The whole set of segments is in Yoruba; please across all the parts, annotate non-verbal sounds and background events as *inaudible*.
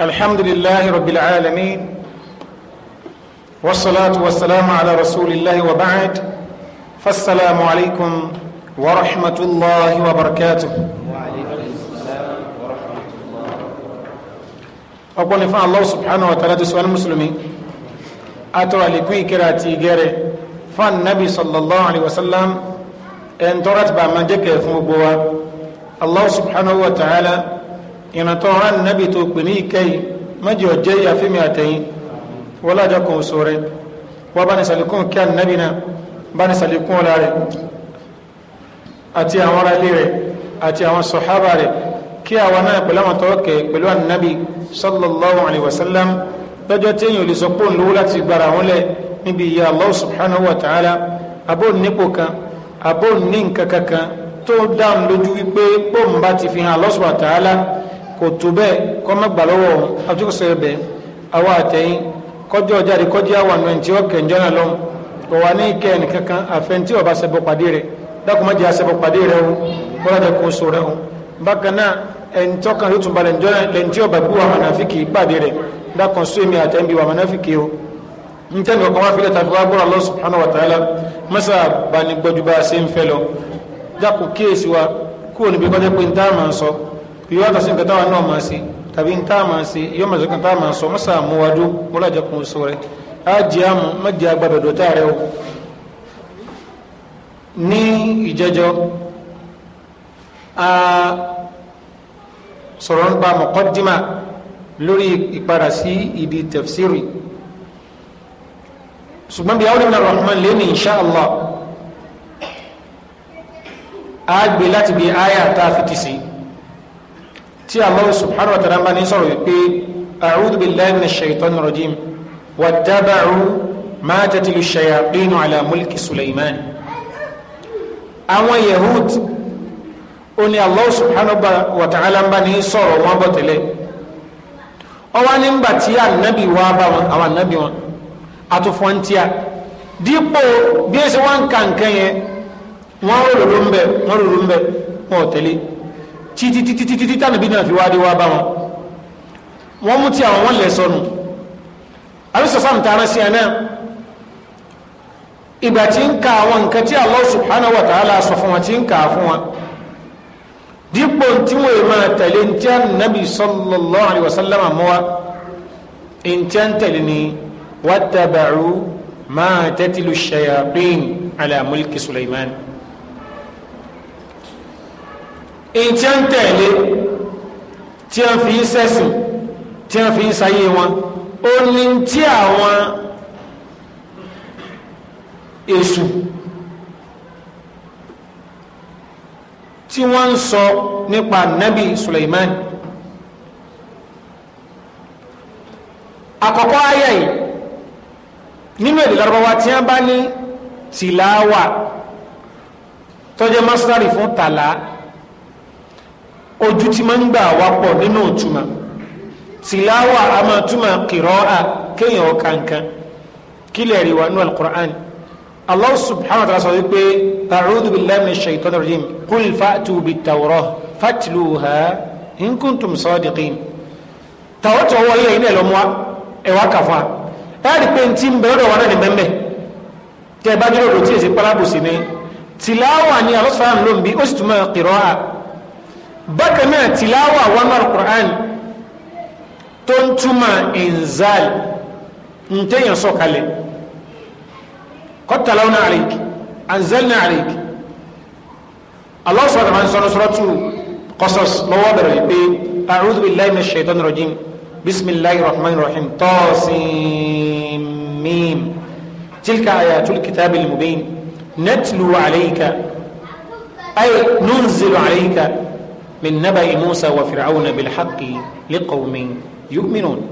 الحمد لله رب العالمين والصلاة والسلام على رسول الله وبعد فالسلام عليكم ورحمة الله وبركاته ọgbọ́n fún Allah subhanahu wa ta'ala tó sọ́wọ́n musulmi àtọ́rọ̀ àlékún ìkẹrẹ àti ìgẹrẹ fún nabi sallallahu alaihi wasallam ẹn tọ́rọ̀ àti bàmà jẹ́kẹ̀ fún gbogbo wa Allah subhanahu wa ta'ala ìrántọ́ ọ̀rán nàbì tó pè ní ìkẹyìn mẹ́jọ jẹ́ ìyàfẹ́mi àtẹ̀yìn wọ́lájọ kan ò sọ̀rẹ́ wọ́n bá ní sàlékún kí ànábì náà bá ní sàlékún ọ̀la rẹ̀ àti àwọn ará ilé rẹ̀ àti àwọn sọ̀hábà rẹ̀ kí àwọn náà pẹ̀lú àwọn tọ́ọ̀kẹ́ pẹ̀lú ànábì sallallahu alayhi wa sallam lọ́jọ́ tí èèyàn ò lè sọ pé òun lówó láti gbára àwọn lẹ̀ níbi ìyá Allah subhanahu wa ta'ala abó nípò kan abó ní nǹkan kankan tó dáhùn lójú wípé pọ́ùn bá ti fi hàn Allah subhanahu wa ta'ala kò tó bẹ́ẹ̀ kọ́ má gbà lọ́wọ́ àtúkọ̀sọ ẹ̀bẹ̀ àwọn àtẹ̀yìn kọjọ́ jáde kọjá àwọn àna tí ó kẹ̀ǹjọ́ náà lọ́wọ́ kò wá ní kẹ́ ẹnì kankan àfẹn tí ọba ṣẹbọ pàdé rẹ̀ dákun má jẹ́ aṣẹbọ pàdé rẹ̀ o wọ́n lájà kó so rẹ̀ o bákan náà ẹni tọ́kàn yóò tún balẹ̀ ǹjọ́ náà lẹ́ni tí ọba bí wà mọ̀nàfíkì pàdé rẹ̀ dákun sún èmi àtẹ̀ ń bi yóò yàtọ̀ sí nǹkan táwa náà máa ṣe tàbí ń tá a máa ṣe yóò máa ṣe nǹkan tá a máa sọ mọ́sà àmúwadú mọ́lájà kún oṣù rẹ̀ á jẹ́ àmú má a rẹ̀ o. ní ìjẹjọ́ a sọ̀rọ̀ nípa mọ̀kọ́dímà lórí ìpadà sí ìdí tafsiri ṣùgbọ́n rahman lè insha Allah a gbé láti bí aya tá a tí Allah subhanahu wa ta'ala bá ní sọ̀rọ̀ wípé a'udhu billahi minash shaitani rajim wattaba'u ma tatilu shayatinu ala mulki Sulaiman àwọn yahud ó ní Allah subhanahu wa ta'ala bá ní sọ̀rọ̀ wọn bọ̀ tẹ́lẹ̀ ọwọ́ nígbà tí ànábì wá bá wọn àwọn ànábì wọn àtúfọ́ntíà dípò tẹ́lẹ̀ títí títí títí títí tánàbí náà fi wáde wá bá wọn wọ́n mú tí àwọn wọ́n lẹ̀ sọnù alùsọ̀sán tààrà sí ẹ̀nà ìgbà tí ń ka àwọn nǹkan tí Allah subhanahu wa ta'ala sọ fún wọn tí ń ka fún wọn dípò tí wọ́n yìí máa tẹ̀lé ń tẹ́ nàbì sallallahu alaihi mọ́wá ntí ń tẹ̀lé tí wọ́n fi ń sẹ́sìn tí wọ́n fi ń sayé wọn ó ní tí àwọn èṣù tí wọ́n ń sọ nípa nabi Suleiman àkọ́kọ́ ayé yìí nínú èdè larabawa tí wọ́n bá ní tìláwà tó jẹ́ masdari fún tàlá ojú tí máa ń gbà wá pọ̀ nínú ìtumọ̀ tìláwà a máa túmọ̀ kìrọ́à kéèyàn ọ̀kankan kí lè rí wa nínú alukur'an allah subhanahu wa ta'ala sọ wípé a'udhu billahi minash shaitani rajim qul fa'tu bit-tawrah fatluha in kuntum sadiqin tàwọn tó wọlé ilé ìlọmọ ẹwà kàfà ẹ rí pé ntí ń bẹ ọ̀dọ̀ wọn náà ní bẹńbẹ tẹ bá dúró lòtí èsì pálábùsì ni tìláwà ni alọsàn ló ń bi ó sì túmọ̀ kìrọ́à bákan náà tìláwà wọnú alukur'an tó ń túmọ̀ inzal ń tẹ̀yàn sọ̀kalẹ̀ kọ́tàláwọn àríkì anzalna àríkì Allah subhanahu wa ta'ala suratu Qasas lọ́wọ́ bẹ̀rẹ̀ wípé a'udhu billahi minash shaitanir rajim bismillahir rahmanir rahim tọ́sìn mím ay nunzilu alayka. من نبأ موسى وفرعون بالحق لقوم يؤمنون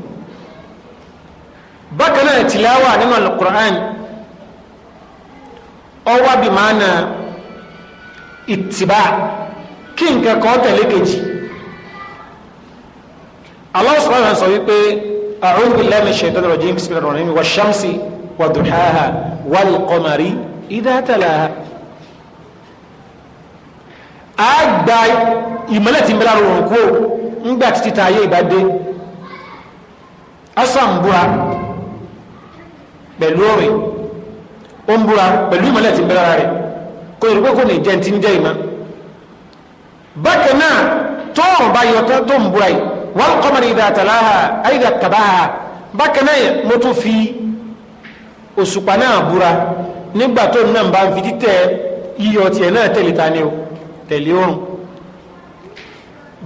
بكنا تلاوة نما القرآن أو بمعنى اتباع كن كقوت لكجي الله سبحانه وتعالى سويبه أعوذ بالله من الشيطان الرجيم بسم الله الرحمن الرحيم والشمس وضحاها والقمر إذا تلاها أجبعي ìmọ́lẹ̀ ti ń bẹ́lá rọrùn kó ńgbà títí ta ayé ìbádé asan búra pẹ̀lú ọ̀rẹ́ ó ń búra pẹ̀lú ìmọ́lẹ̀ ti ń bẹ́lá rẹ̀ kò ní pé kò ní jẹ́ ti ń jẹ́ ìmọ̀ bákan náà tó ń bá yọ tó ń búra yìí wal qamari idha talaha àìdà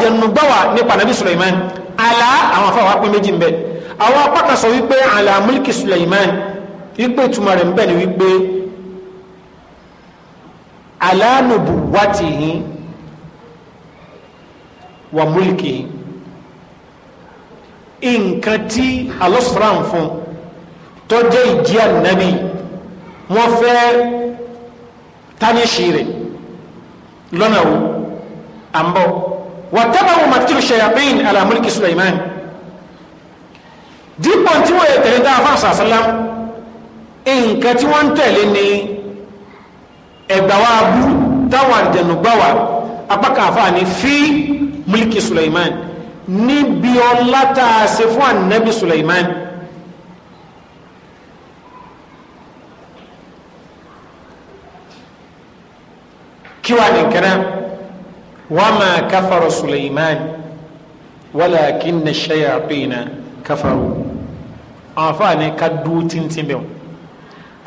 àjẹnu gbọ́wà nípa nàbí Sulaiman àlá àwọn afáwà pé méjì ń bẹ àwọn apákan sọ wípé àlá múlìkì Sulaiman wípé ìtumọ̀ rẹ̀ ń bẹ ni wípé àlá nubuwatihi wà múlìkì nǹkan tí alọ́sọ̀rọ̀ àǹfọ̀n tó jẹ́ ìjí ànábì wọ́n fẹ́ tánìṣì rẹ̀ lọ́nà wo à ń bọ̀ wàtẹ́bàwò màtíru shayatin ala mulki Sulaiman dípò tí wọ́n yẹ tẹ̀lé tá a fà sàásálá nǹkan tí wọ́n ń tẹ̀lé ni ẹ̀gbàwá abú táwọn àjẹnù gbàwà apákan àfà ní fi mulki Sulaiman níbi ọlá tá fún ànábì Sulaiman kí wà وما كفر سليمان ولكن الشياطين كفروا àǹfààní ka dúró tíntín bẹ́ẹ̀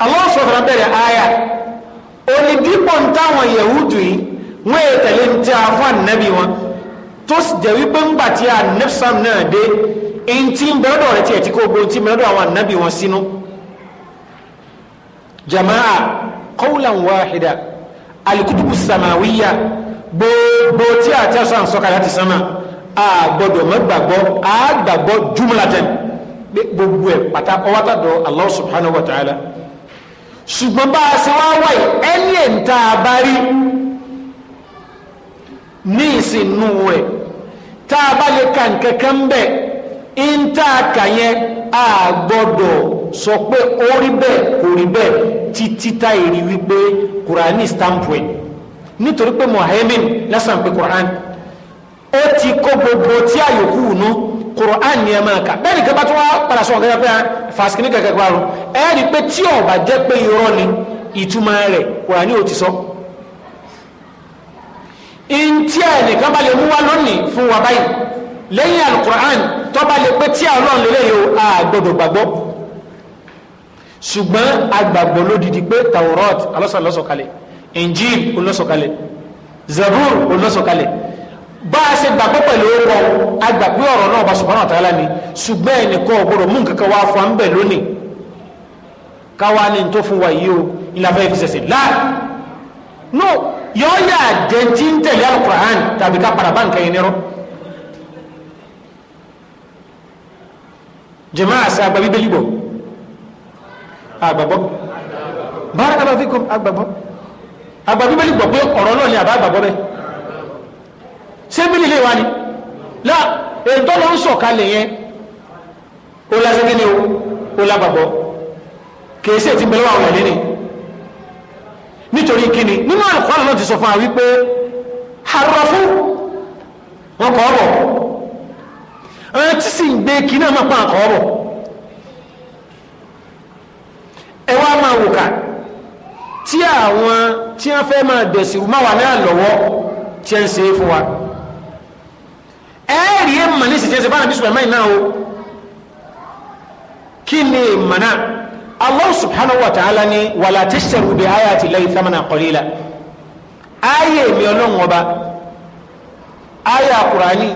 Allah sọ̀rọ̀ bẹ̀rẹ̀ àyà onídìbò ń táwọn yahudu yìí wọ́n yẹ tẹ̀lé ní ti àfọ́ ànábì wọn tó sì jẹ́ wípé ńgbà tí ànábìsàm náà dé ẹni tí ń bẹ̀rẹ̀ dọ̀rẹ́ tiẹ̀ tí kò gbóhùn tí ń jamaa qawlan wahida alikutubu samawiya gbogbo tí a ti sọ àǹsọ́kàlá ti sánmà a gbọ́dọ̀ mọ́ gbàgbọ́ a gbàgbọ́ jumlatan gbogbo ẹ̀ pátá ọwátàdọ̀ Allah subhanahu wa ta'ala ṣùgbọ́n bá a ṣe wá wáyé ẹni ẹ̀ ń ta ní ìsìnú rẹ̀ tá a bá lè ka nǹkan kan bẹ́ẹ̀ ìntà kàyẹn a gbọ́dọ̀ sọ pé ó rí bẹ́ẹ̀ kò rí bẹ́ẹ̀ títí táyìrí wípé kùránì stamp rẹ̀ nítorí pé mohamed lásán pé quran ó ti kó gbogbo tí àyòkù nú quran ni ẹ máa kà bẹ́ẹ̀ nìkan bá tún wá padà sọ ọ̀gá pé fàṣíkì ní kẹ̀kẹ́ parun ẹ rí i pé tí ọ̀bà jẹ́ pé irọ́ ni ìtumọ̀ rẹ̀ quran yóò ti sọ. ntí a nìkan bá lè mú wa lónìí fún wa báyìí lẹ́yìn alukur'an tó bá lè pé tí àwọn ọlọ́run lélẹ́yìn o a gbàgbọ́ ṣùgbọ́n agbàgbọ́ lódìdí pé tawrat alọ́sàn lọ́sọ̀kalẹ̀ injil olóṣọ̀kalẹ̀ zabur olóṣọ̀kalẹ̀ bá a ṣe gbàgbọ́ pẹ̀lú ọkọ̀ agbàgbé ọ̀rọ̀ náà bá subhanahu wa ta'ala ni ṣùgbọ́n ẹnìkan ọ̀gbọ́dọ̀ mú nǹkan kan wá fún abẹ́ lónìí káwá ní tó fún wa yìí o ìlànà ìfi ṣẹ̀ṣẹ̀ láà no yóò yà jẹ́ tí ń tẹ̀lé alukur'an tàbí ká padà bá nǹkan yẹn nírọ́ jẹ́mọ́ àṣà àgbà bíbélì àgbàbọ́ bárakàlá àgbàbọ́ àgbà bíbélì gbọ́ pé ọ̀rọ̀ náà ni àbá àgbàgbọ́ bẹ́ẹ̀ ṣé bíbélì lè wá ni lá ètò ló ń sọ̀kalẹ̀ yẹn ó lásẹ̀ kí ni o ó lábàgbọ́ kìí ṣe ti bẹ̀rẹ̀ àwọn ẹ̀lẹ́ni nítorí kíni nínú àlùkọ́ àlọ́ ti sọ fún wa wípé harafu wọn kọ́ ọ̀bọ̀ àwọn tí sì ń gbé kí náà máa pa àkọ́ ọ̀bọ̀ ẹ wá máa wò ká tí àwọn tí a fẹ́ máa dẹ̀sìrù máa wà náà lọ́wọ́ tí wọ́n ń ṣe fún wa ẹ̀ẹ́rì ẹ̀ ní sì o kí ni náà ni bi ayati llahi thamanan ayé mi ọlọ́run ọba ayé àkùránì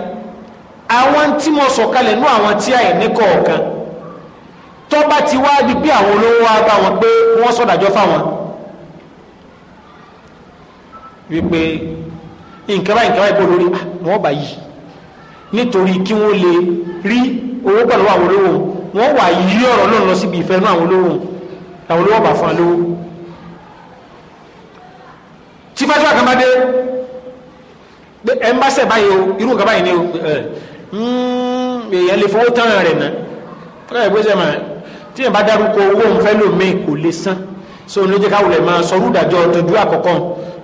àwọn tí mo sọ kalẹ̀ nú àwọn tí tọ́ba ti wá bí àwọn olówó bá wọn pé wọ́n wípé nǹkan báyìí nǹkan báyìí bó lórí ah, wọn bá yìí nítorí kí wọ́n lè rí owó pẹ̀lú àwọn olówó wọn wà yí ọ̀rọ̀ náà lọ síbi ìfẹ́ náà àwọn olówó àwọn olówó bá fún alówó tí fájúwà kan ẹ ń bá sẹ̀ báyìí o irú nǹkan báyìí ni o hmm, èèyàn lè fọwọ́ tán rẹ̀ ná fúnra ẹ̀ gbèsè máa tí èèyàn bá dárúkọ owó òun fẹ́ lòmíì kò lè san so ní ló máa sọrú ìdájọ́ tọjú àkọ́kọ́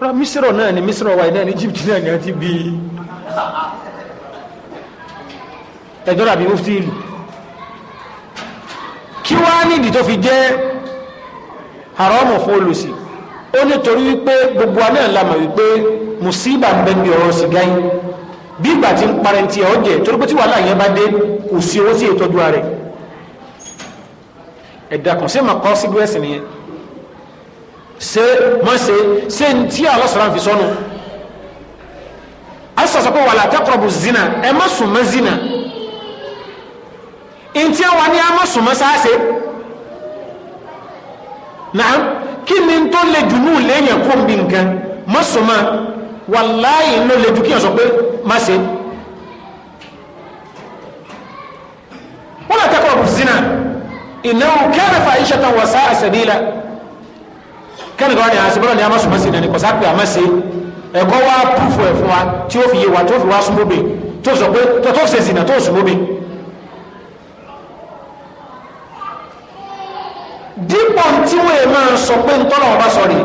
rárá mísírọ̀ náà ni mísírọ̀ wa náà ni Egypt náà ni a ti bí ẹjọ́ rà bí mufti ìlú kí wá nídìí tó fi jẹ́ haramu fún olùsí ó nítorí wípé gbogbo anáà lamọ̀ wípé musiba ń bẹ ní ọ̀rọ̀ sìgá yìí bí ìgbà tí ń parẹ́ ti ọ̀ jẹ́ torí pé tí wàhálà yẹn bá dé kò sí owó sí ìtọ́jú rẹ̀ ẹ̀dà kàn sí màkọ́ sí gbẹ́sìn nìyẹn ṣe má se ṣe ń tí Allah subhanahu fi sọnù asọsọ pé wala taqrabu zina ẹ má sùn mọ́ zina ntí wa ni a má sùn mọ́ sáàṣe náà kí ni tó lè dùnú lẹ́yìn kó n bí nǹkan má sùn mọ́ wàláyé ló lè dùn kí yẹn sọ pé má ṣe. wala taqrabu zina innahu kana fa'ishatan wa sa'a sabila kẹ́ni kan ní àṣìbọ́lọ̀ ní amásùnmọ́ sí ní kọ̀sá pé àmọ́ sí ẹ̀kọ́ wá púfù ẹ̀ fún wa tí ó fi yé wa tó fi wá súnmọ́bì tó sọ pé tó tó ṣèṣì náà tó súnmọ́bì. dípò tí wọ́n yẹ máa sọ pé ń tọ́lọ̀ ọba sọ rèé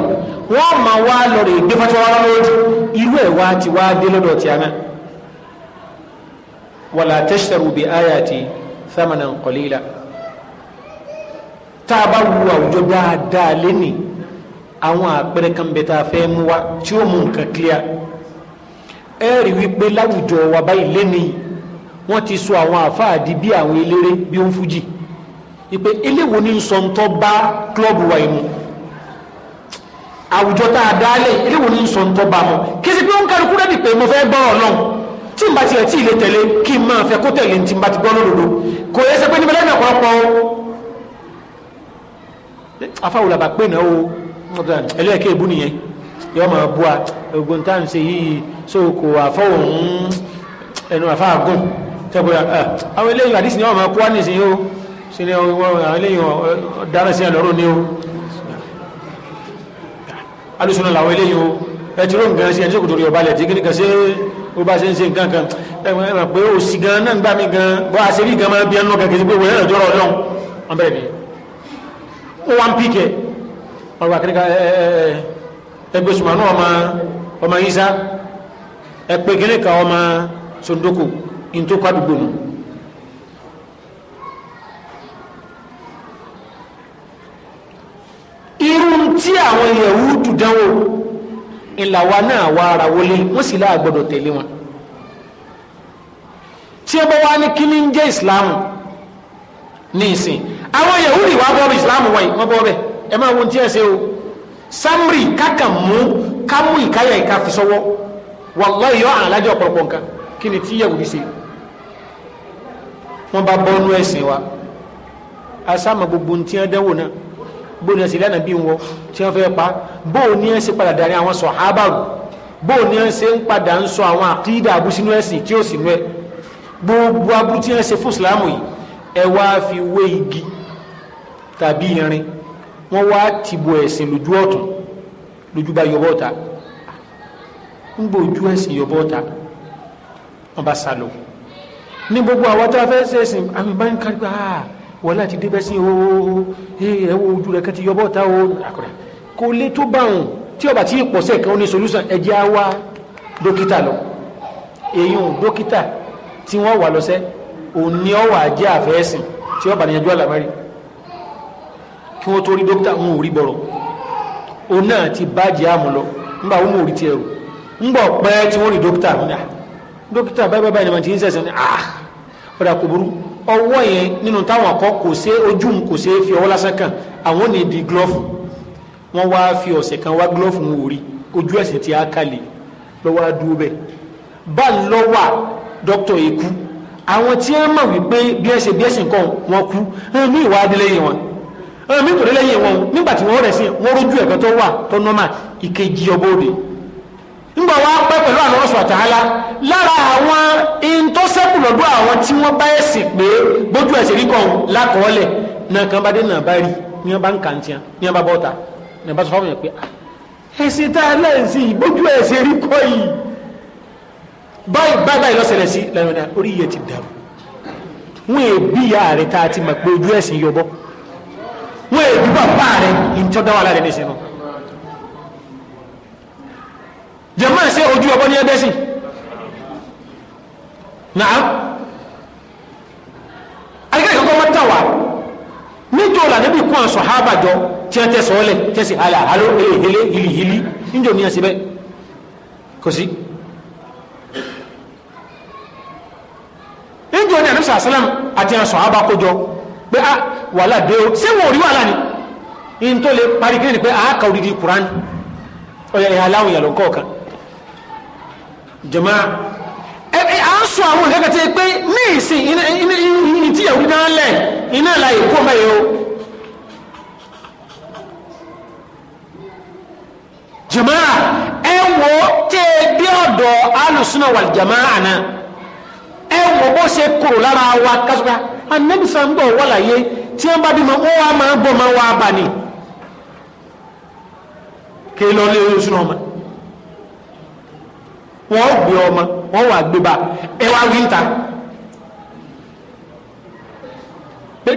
wọ́n máa wá lọ rèé gbé fatiwa wá lórí irú ẹ̀ wá ti wá dé lọ́dọ̀ tí a náà wala tashtaru bi ayati thamanan qalila tá a bá wu àwùjọ dáadáa lénìí àwọn àpẹẹrẹ kan bẹ tá a fẹ́ mú wa tí ó mú nǹkan clear ẹ rí wípé láwùjọ wa báyìí lẹ́nìí wọ́n ti sọ àwọn àfáà di bí àwọn eléré bí ó ń fújì ìpè eléwo ní sọ̀ǹtọ́ bá klọ́ọ̀bù wa yìí mu àwùjọ tá a dálẹ̀ eléwo ní sọ̀ǹtọ́ bá mu kí sí pé ó ń kálukú rẹ́ ni pé mo fẹ́ gbọ́ ọ̀nà tí n bá tiẹ̀ tí ì lè tẹ̀lé kí n máa fẹ́ kó tẹ̀lé tí n bá ti gbọ́ lódodo kò yẹ sẹ́pẹ́ níbi lẹ́yìn ọ̀pọ̀lọpọ̀ afáwòlàbà pé náà o ẹlẹ́ẹ̀kẹ́ ìbú nìyẹn yọ máa bú a ogun tá à ń ṣe yìí so kò àfọwọ́n ẹnu àfáàgùn tẹ́gbọ́n ah, àwọn eléyìí àdìsí ni wọ́n máa kó wá nìsín yóò sí ni àwọn eléyìí dára sí àlọ́rọ̀ ni ó alùsùnà làwọn eléyìí ó ẹtì ró nǹkan sí ẹni tó kò torí ọba lẹ̀ tí kìnnìkan ṣe ó bá ṣe ń ṣe nǹkan kan ẹ mà pé ó sì gan náà ń gbà mí gan bọ́ àṣírí gan máa bí ẹnu kankan sí pé wọ́n yẹn lọ́jọ́ rọ̀ lọ́hùn bẹ̀rẹ̀ ọgbà kíríkà ẹgbẹ́ sùmánú ọmọ ọmọ yíṣá ẹgbẹ́ kíríkà ọmọ sondoko ìntòkọ àdúgbò nù. irú tí àwọn Yahudu dánwò ìlàwà náà wà ara wọlé wọ́n sì láàgbọ́dọ̀ tẹ̀lé wọn tí ẹ bá wá ní kí ni ń jẹ́ ìsìláàmù ní ìsìn àwọn Yahudu wà bọ́ ìsìláàmù wọ̀nyí wọ́n bọ́ bẹ́ẹ̀ ẹ máa wo tí ẹ ṣe o samri kákà mú kámú ìkáyà ìka fi sọwọ́ wallahi yọ àrùn alájọ ọ̀pọ̀lọpọ̀ nǹkan kí ni tí yẹ̀wùdí ṣe wọ́n bá bọ́nú ẹ̀sìn wa asáàmà gbogbo tí wọ́n dẹ́wò náà bóun ẹ̀sìn lánàá bí wọn tí wọ́n fẹ́ pa bóun ní ẹ̀sìn padà darí àwọn sàhábà bóun ní ẹ̀sìn padà ń sọ àwọn àkídà abúsínú ẹ̀sìn tí ó sì nú ẹ̀ gbogbo abú tí wọ́n ṣe fún ìsìlámù yìí ẹ wá fi wé igi tàbí irin wọ́n wá tìbò ẹ̀sìn lójú ọ̀tún lójú bá yọbọ ọ̀tá ń gbọ́ ojú ẹ̀sìn yọbọ ọ̀tá wọ́n bá sá lọ ní gbogbo àwọn tá a fẹ́ ṣe ẹ̀sìn àmì bá ń kárí pé ah wọ́n láti débẹ̀ sí ooo e, ẹ wo ojú rẹ̀ kẹ́ ti yọbọ ọ̀tá o àkùrẹ́ kò lè tó bá òun tí ọba tí ìpọ̀sẹ̀ kan ní solution ẹ̀jẹ̀ á wá dókítà lọ èyí ò dókítà tí wọ́n wà lọ́sẹ̀ òun ni ọ wà jẹ́ àfẹ́ ẹ̀sìn tí ọba níyanjú àlàmọ́rí kí wọ́n tó rí dókítà wọn ò rí bọ̀rọ̀ òun náà ti bàjẹ́ àmú lọ nígbà wọn ò rí tiẹ̀ rò ń pẹ́ tí wọ́n rí dókítà wọn ni ah, dókítà báyìí báyìí ni mo ti ń sẹ̀sẹ̀ ni ah ọ̀dà kò burú ọwọ́ yẹn nínú táwọn akọ kò sé ojú kò sé fi ọwọ́ lásán kan àwọn ní di glove wọ́n wá fi ọ̀sẹ̀ kan wá glove wọn ò rí ojú ẹ̀sìn ti á kalẹ̀ lọ́wọ́ á bẹ́ẹ̀ bá ń dókítà yìí kú àwọn tí wọ́n mọ̀ wípé bí ẹ̀sìn bí ẹ̀sìn kan wọ́n kú ẹ̀mí ìwà adé lẹ́yìn wọn ọ̀rọ̀ mi kò rí lẹ́yìn wọn nígbà tí wọ́n rẹ̀ sí wọ́n rójú ẹ̀kọ́ tó wà tó nọ́mà ìkejì ọbọ̀dé ńgbà wá pẹ́ pẹ̀lú Allah Ta'ala lára àwọn in tó sẹ́kù lọ́dọ̀ àwọn tí wọ́n bá ẹ̀sìn pé gbójú ẹ̀sìn rí kan lákọọ́lẹ̀ náà kan bá dé náà bá rí ní wọn bá ń kàn tiẹ̀ ní wọn bá bọ́ta ní wọn bá sọ fáwọn yẹn pé ah, ẹ̀sìn tá a lẹ́sìn ìgbójú ẹ̀sìn rí kọ́ yìí báyìí báyìí lọ́sẹ̀lẹ̀ sí lẹ́yìn orí yẹ ti dàrú wọn èbí ìyá rẹ̀ tá a ti mọ̀ pé ojú ẹ̀sìn yọbọ́ wọ́n èdè bàbá rẹ̀ ìjọ dáwà láàrin ní ìṣẹ́nu jẹ́mọ́ ẹ̀ṣẹ́ ojú ọgbọ́n ní ẹgbẹ́ sí náà agbẹ́gbẹ́ kọ́kọ́ wọ́n tàwà níjọ́ lànẹ́bí kún àṣọ hábàjọ tí ẹ tẹ́sọ̀ ọlẹ̀ tẹ́sì alẹ́ àhálò èlé ìlìhìlì níjọ́ ní ẹ̀ṣẹ́ bẹ́ẹ̀ kò sí níjọ́ ní àdúsà àsálàm àti àṣọ hábà kójọ pé wàhálà dé o ṣé wọn ò rí wàhálà ni in tó lè parí kí ni pé àáka òdìdí Qur'an ọ̀yà ìhà aláwọ̀ ìyàlọ́ kọ̀ọ̀kan jama ẹ ẹ à ń sọ àwọn ìkẹ́kẹ́ tí pé ní ìsìn ìní tí yẹ̀wò náà lẹ̀ iná láyé o jama ẹ wo tẹ́ bí ọ̀dọ̀ alùsùnà wal jama àná ẹ wo bó ṣe kúrò lára wa kásùkà anábìsà ń bọ̀ wọ́láyé tí wọ́n bá bímọ wọ́n wá máa ń bọ̀ máa wá bà ní kí lọ lé oṣù náà mọ́ wọ́n gbé ọmọ wọ́n wà gbé bá ẹ wá rí ìta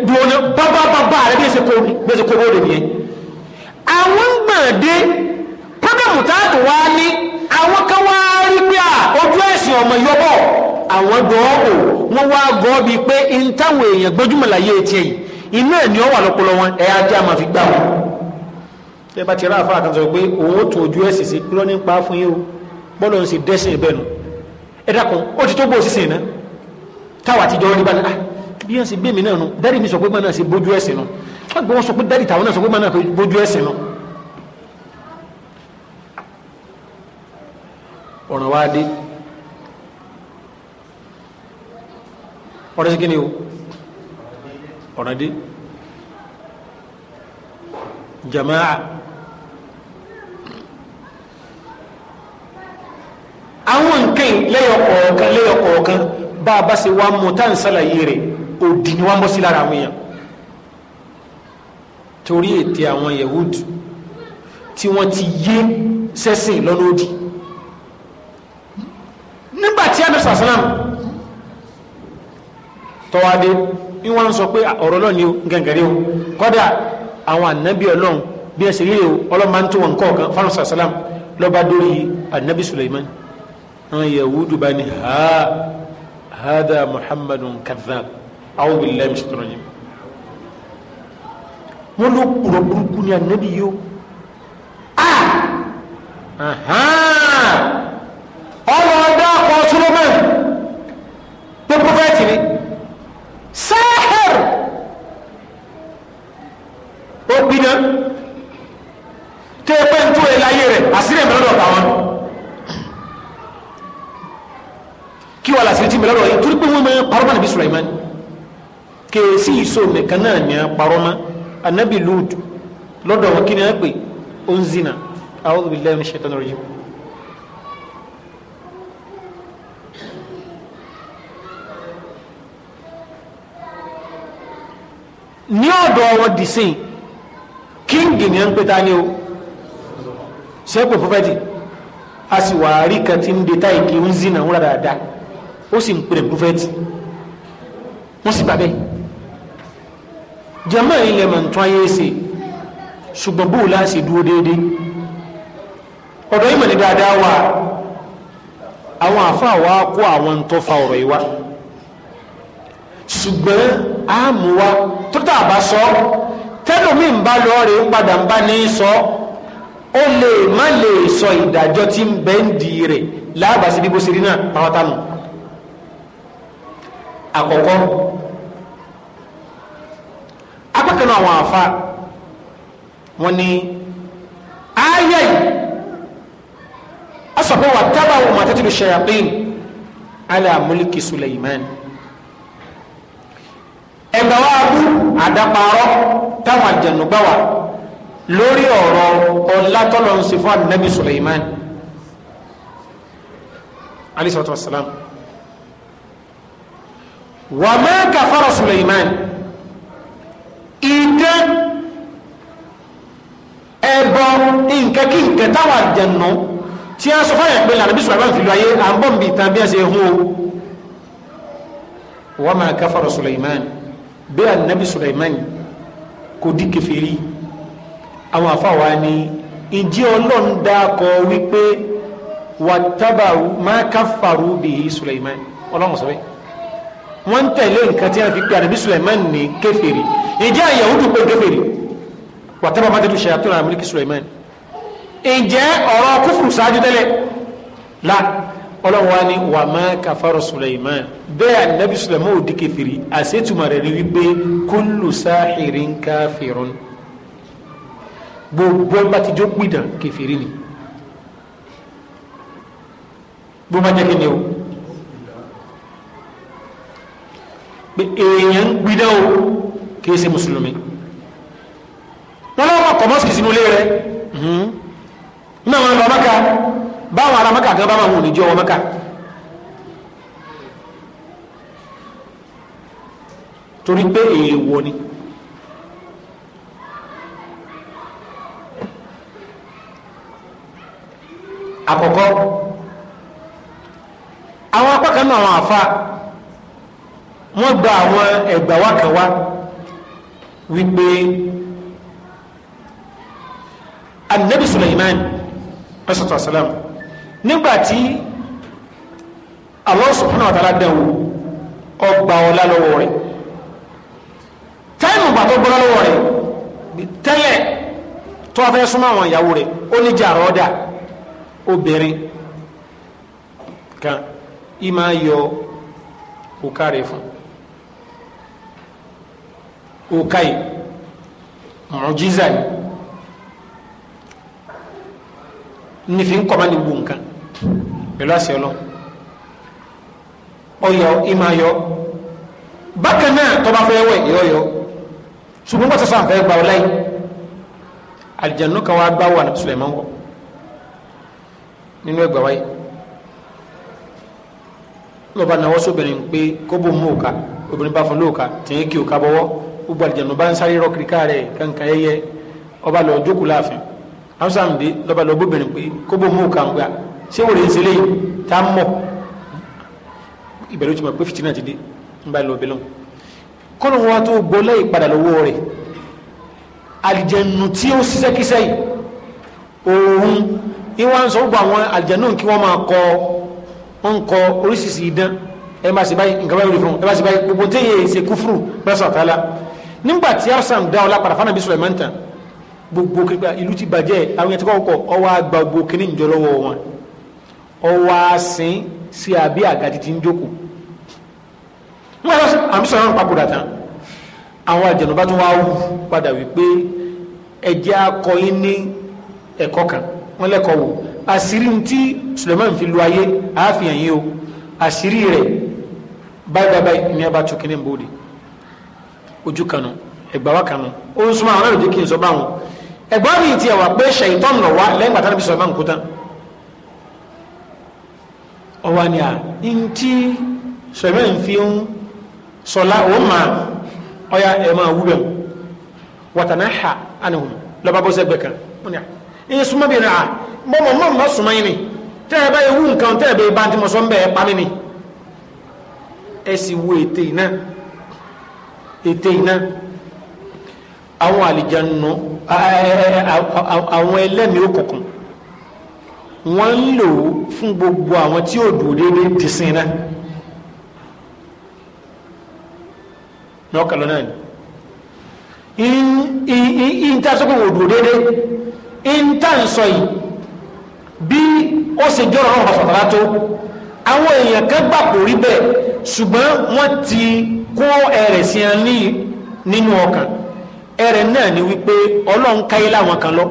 dùn ní bábá bábá rẹ bí ẹ ṣe kó bóde nìyẹn àwọn gbàdé pọ́nàmù táàtù wá ní àwọn kan wá rí pé à ojú ẹ̀sìn ọmọ yọbọ̀ àwọn gbọ́ ọ̀ wọ́n wá gọ́ bíi pé n táwọn èèyàn gbójúmọ̀ láyé tiẹ̀ yìí iná ẹ̀ ni ó wà lọ́pọlọ wọn ẹ̀ ajé a máa fi gbà wọn ẹ bá ti rá àfáà kan sọ pé òun ó tó ojú ẹ̀sìn sí pírọ́ ní pa fún yín o bọ́lọ̀ ń sì dẹ́sìn ìbẹ̀ nù ẹ dákun ó ti tó gbó sísìn iná táwa ti jọ rí bá náà ah, bí wọ́n sì gbé mi náà nù dádì mi sọ pé mọ́nà sí bójú ẹ̀sìn nù wọ́n gbé sọ pé dádì tàwọn náà sọ pé mọ́nà bójú ẹ̀sìn nù. ọ̀ràn wa dé ọ̀rọ̀ kí ni o ọ̀ràn dé jamaa àwọn nǹkan lẹ́yọkọ̀ọ̀kan lẹ́yọkọ̀ọ̀kan bá a bá ṣe wá mú tá à ń ṣàlàyé rẹ̀ òdì ni wọ́n bọ́ sí lára àwọn èèyàn torí ète àwọn yehud tí wọ́n ti yé sẹ́sìn lọ́nà òdì nígbà tí a bẹ sàṣánà tọ́wádé ní wọ́n sọ pé ọ̀rọ̀ lọ́ni o gẹ̀ngẹ̀rẹ́ o kọ́dà àwọn ànábì ọlọ́run bí ẹsẹ̀ rí o ọlọ́run máa ń tó wọn kọ̀ọ̀kan fáwọn sàlám lọ́ba dórí ànábì Sulaiman àwọn Yahudu bá ní ha hada Muhammadun kadhab awo bilayi misitɔrɔ wọn ló kúrò burúkú ni ànábì yìí o ọlọ́ọ̀dá ọkọ̀ Sulaiman pé prọfẹ́tì ni. gbiná tẹ́ ẹ pẹ́ ń tó ẹláyé rẹ̀ àsírí ẹ̀mẹ́ lọ́dọ̀ táwọn kí wà lásìrí tí mẹ́lọ́dọ̀ yìí torí pé wọ́n máa parọ́ mọ́ nàbí Sulaiman kèésì ìṣó nìkan náà ní parọ́ mọ́ anabi lọ́dọ̀ wọn kí ni wọ́n pè ó ń zina a'udhu billahi minash shaitanir rajim ní ọ̀dọ̀ wọn dì King ni ń pẹ́ta ní o sẹ́pù prọfẹ́tì a sì wà rí kan tí ń de táì kí ń zina ń rárá dáa ó sì ń pèrè prọfẹ́tì wọ́n sì bàbẹ́ jama ilẹ̀ mọ̀ tún ayé ṣe ṣùgbọ́n bóò láti dúró déédé ọ̀dọ̀ ìmọ̀ ní dáadáa wà àwọn àfáà wa kó àwọn ń tọ́fa ọ̀rọ̀ yìí wá ṣùgbọ́n àmúwa tó tà bá sọ ọ́ tẹ́lómi ń bá lọ rè padà ń bá ní sọ ó lè má lè sọ ìdájọ́ tí ń bẹ́ ń di rẹ̀ láàbàsí bí bó ṣe rí náà pàwọ́tánù àkọ́kọ́ apákanú àwọn àfa wọn ni ayé asọ̀pọ̀ wà tábà wọn mọ̀ àtẹ́tìlú shayatin ala mulki Sulaiman ẹgbàá abú àdàparọ táwọn àjẹnùgbà wà lórí ọ̀rọ̀ ọlátọlọ ń ṣe fún anabi Suleiman alayhi salatu wassalam wà má kàfàrà Suleiman ìdán ẹbọ nǹkan kí nǹkan táwọn àjẹnù tí a sọ fún àyàpẹ lànàbí Suleiman fìlú ayé à ń bọ̀ nbí tàbí ẹsẹ̀ hùn o wà má kàfàrà Suleiman bí anabi Sulaiman kò di kèfèrí àwọn afáwa ni ìjì ọlọ́run dákọ wípé wàtábàrú máa káfàrú bìí Sulaiman ọlọ́run sọ bẹ́ẹ̀ wọ́n ń tẹ̀lé nǹkan tí wọ́n fi pé anabi Sulaiman ní kèfèrí ìjẹ́ àyẹ̀wò dùpọ̀ kèfèrí wàtábà má tẹ̀lé ṣayàtọ̀ náà mílíkì Sulaiman ìjẹ́ kúfùrù ṣáájú tẹ́lẹ̀ la ọlọ́run wa ni wà má kàfàrọ̀ suleiman bẹ́ẹ̀ anabi suleiman ò di kẹfìrí àṣetuma rẹ̀ ni wípé kúlù sáhìrì ń káfìrún gbogbo bá ti jó gbìdàn kẹfìrí ni bó má jẹ́ kí ni o pé èèyàn ń gbìdàn o kì í ṣe mùsùlùmí wọn lọ́wọ́ kọ̀mọ́sì sínú ilé rẹ̀ hmm. náà wọn lọ bá ka báwọn ará mẹ́kà gan bá máa wò ní jẹ́ ọwọ́ mẹ́kà torí pé èèwọ̀ ni àkọ́kọ́ àwọn apákan náà àwọn àfa wọ́n gba àwọn ẹ̀gbà wákàwá wípé anabi Sulaiman asọ́tọ̀ nígbàtí Allah subhanahu wa ta'ala dẹ̀wò ọgbà ọlá lọ́wọ́ rẹ̀ táìmù gbàtọ́ gbọ́lá lọ́wọ́ rẹ̀ tẹ́lẹ̀ tó wá fẹ́ súnmọ́ àwọn ìyàwó rẹ̀ ó ní jàrọ́ ọ̀dà obìnrin kan ìmá yọ òkà rẹ̀ fún òkà yìí mọ̀jíza yìí nífi ń kọ́ máa ní gbogbo nǹkan pẹ̀lú àṣẹ ọlọ ọyọ ìmáyọ bákan náà tọba fẹ́ wẹ̀ yọyọ ṣùgbọ́n wọ́n sọ́sọ́ àfẹ́ gba ọlá yìí àlìjànú kan wá gbá wà ní Sulaiman wọ nínú ẹgbàá wáyé lọ́ba náwó sóbìnrin pé kó bò mú òka obìnrin bá fún lóòka tìyẹn kí òka bọ́wọ́ gbogbo àlìjànú bá ń sáré rọ kiriká rẹ̀ kankan ẹyẹ ọba lọ jókòó láàfin hamsa mi lọ́ba lọ bóbìnrin pé kó bò mú òka ń gbà ṣé wòlé ń ṣẹlẹ̀ yìí tá a mọ̀ ìbẹ̀rù tí mo pé fìtínà ti dé ń bá lọ bẹ́ẹ̀ lọ́wọ́ kọ́nà wọn tó gbọ́ lẹ́yìn padà lọ́wọ́ rẹ̀ àlìjẹ̀nù tí ó ṣiṣẹ́kíṣẹ́ yìí òun ìwọ̀n sọ gbọ́ àwọn àlìjẹ̀nù kí wọ́n máa kọ ń kọ oríṣiríṣi idán ẹ máa ṣe báyìí nǹkan báyìí rí fún ẹ máa ṣe báyìí gbogbo téye ṣe kúfúrú bẹ́sẹ̀ àtàlà nígbà tí arsan dá ọlá padà fánàbí Sulaiman tán gbogbo kíkà ti bàjẹ́ àwọn ẹ̀tẹ́kọ̀ọ́kọ̀ ọwọ́ àgbà gbogbo kíní lọ́wọ́ wọn ọwọ́ asin sí àbí àgàtì tí ń jókòó wọ́n yára àmì sọ̀rọ̀ papòdà tán àwọn àjẹnubá tó wá wù padà wípé ẹjẹ́ akọyín ní ẹ̀kọ́ kan wọ́n lẹ́kọ̀ọ́ wò àṣírí tí Suleiman fi lu ayé àáfíà yín o àṣírí rẹ̀ báyìí báyìí ní abá tukí ní mbòde ojú kanu ẹgbà wa kanu ó ń súnmọ́ àwọn ẹ̀rọ jẹ́ kí n sọ báwọn ẹgbà mi ti ẹ̀wà pé ṣèyí tọ́nù lọ wá lẹ́yìn pàtàkì sọ̀rọ̀ kú tán ọwọ́ ni à ń tí sọ̀rọ̀ ń fi ń sọ̀lá òun máa ọya ẹ̀ máa wúbẹ̀ wọ̀tàná ha anahum lọ́ba bọ́ sẹ́gbẹ̀ kan wọ́n ni à ń súnmọ́ bí rà á mọ́mọ́ mọ́mọ́ súnmọ́ yín ni tẹ́ ẹ bá ewu nǹkan tẹ́ ẹ bá ibà tí mo sọ ń bẹ̀ ẹ pa mí ni ẹ sì wo ète iná ète iná àwọn àlìjánu àwọn ẹlẹ́mìí òkùnkùn wọ́n ń lò ó fún gbogbo àwọn tí ò dúró déédéé ti sin náà lọ́kàlọ́ náà ni ìntàsókò wò dúró déédéé ìntànsọ yìí bí ó ṣe jọ́rọ̀ náà fàfàrà tó àwọn èèyàn kan gbà kò rí bẹ́ẹ̀ ṣùgbọ́n wọ́n ti kó ẹ̀rẹ̀ sí ẹ ní nínú ọkàn ẹ̀rẹ̀ náà ni wípé ọlọ́run káyé láwọn kan lọ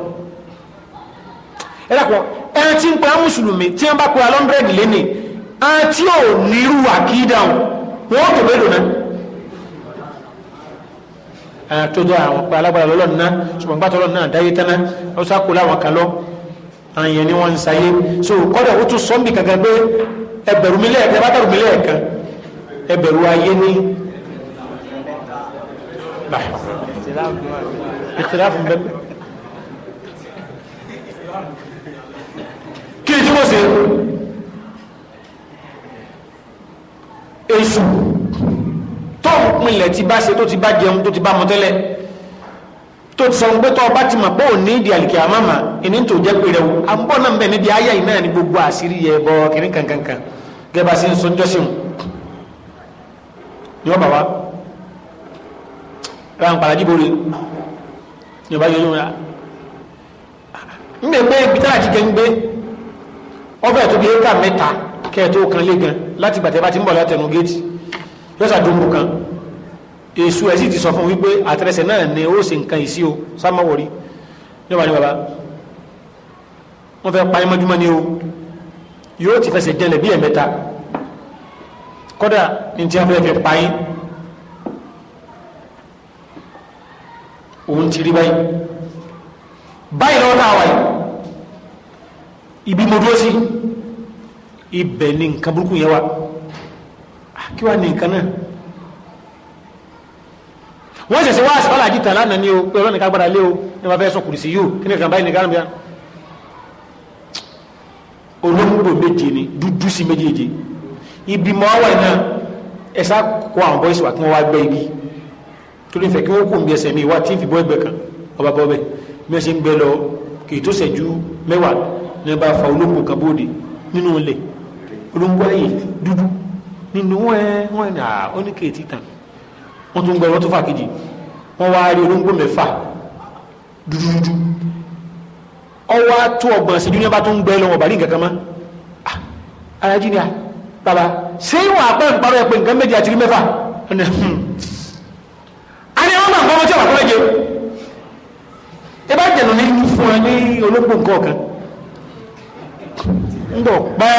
ẹ̀rẹ̀ pọ̀ ẹni tí ń pẹ́ mùsùlùmí tí wọ́n bá pe alọ́ndrẹ́dì lẹ́nì ẹni tí ò nírú àkídà wọn tó mélòó náà àtòjọ àwọn pé alágbára lọ́lọ́nù náà ṣùgbọ́n gbàtọ́ lọ́nù náà dáyé tẹ́ná ó sáko láwọn kan lọ àyàn ni wọ́n ń sayé so kọ́dọ̀ ó tún sọ́mbì kankan pé ẹbẹ̀rù mi lẹ́ẹ̀kan ẹbátàrù mi lẹ́ẹ̀kan ẹbẹ̀rù ayé ní ìtìláfù bẹ́ẹ̀ mo ṣe èṣù tó ń pinlẹ̀ ti bá ṣe tó ti bá jẹun tó ti bá mu tẹ́lẹ̀ tó ti sọ pé tó ọba ti mọ̀ pé ò ní ìdí àlìkè àmàmà ìní tó jẹ́ pé rẹ̀ wò à ń bọ̀ náà bẹ̀ níbi ayé ìná ní gbogbo àṣírí yẹ bọ́ kìnní kankankan gẹ́gẹ́ bá ṣe ń sọ jọ́sìn ni wọ́n bàbá ra ń paradí borí ni wọ́n bá yọ yóò rà ń bẹ̀ pé ibi tára ti gẹ́ ń gbé ọfẹ́ tó bí éka mẹ́ta kẹ́ẹ̀tó kan lé gan láti gbàtẹ́ bá ti ń bọ̀ látẹnu géètì yọ́sà dùnmù kan èso ẹ̀ sì ti sọ fún wípé àtẹrẹsẹ̀ náà ni ó ṣe nǹkan ìsí o sámọ́wọ̀rí níwà ní baba wọ́n fẹ́ pa ẹmọ́júmọ́ ni o yóò ti fẹsẹ̀ jẹlẹ̀ bí ẹ̀mẹ́ta kọ́dà ní tí a fẹ́ pa yín òun ti rí báyìí báyìí lọ́wọ́ táwa yìí ibi mo dúró sí ibẹ̀ ni nǹkan burúkú yẹn wà ah, kí wàá ní nǹkan náà wọ́n ṣẹ̀ṣẹ̀ wá àṣìpá làjì tàn lánàá ni o pé ọlọ́ni ká gbára lé o ní wọ́n fẹ́ sọ kùrìsì yìí o kí ni ìfìyàn báyìí ní gánà bíyà olóńgbò méje ni dúdú sí méjèèje ibi mọ́ wà náà ẹ̀sà kó àwọn bọ́ìsì wà kí wọ́n wá gbẹ́ igi torí ìfẹ́ kí wọ́n kó nbí ẹsẹ̀ mi wá tí ń fi bọ́ ẹgbẹ́ kan ọba bọ́ bẹ́ẹ̀ bí ń gbẹ lọ kì í tó ṣẹ́jú mẹ́wàá ní bá fa olóńgbò kan bóde nínú ilẹ̀ olóńgbò ayé dúdú nínú wọn wọn ni ó ní kéètì tán wọn tún gbẹ wọn tún fà kejì wọn wá rí olóńgbò mẹ́fà dúdú dúdú ọwọ́ àtú ọgbọ̀n ṣẹ́jú ní ọba tó ń gbẹ lọ́wọ́ bàrí nǹkan kan mọ́ alájí ni a bàbá ṣé ìwọ̀n àpẹ́ ìparọ́ ẹ̀pẹ́ nǹkan méjì àti rí mẹ́fà ẹni àwọn àgbọ̀n hmm. ọmọ tí ọ̀rọ̀ kọ́ ẹ̀jẹ̀ ẹ bá jẹ̀nu ní fún ẹ ní olóńgbò nǹkan ọ̀kan ń bọ̀ pẹ́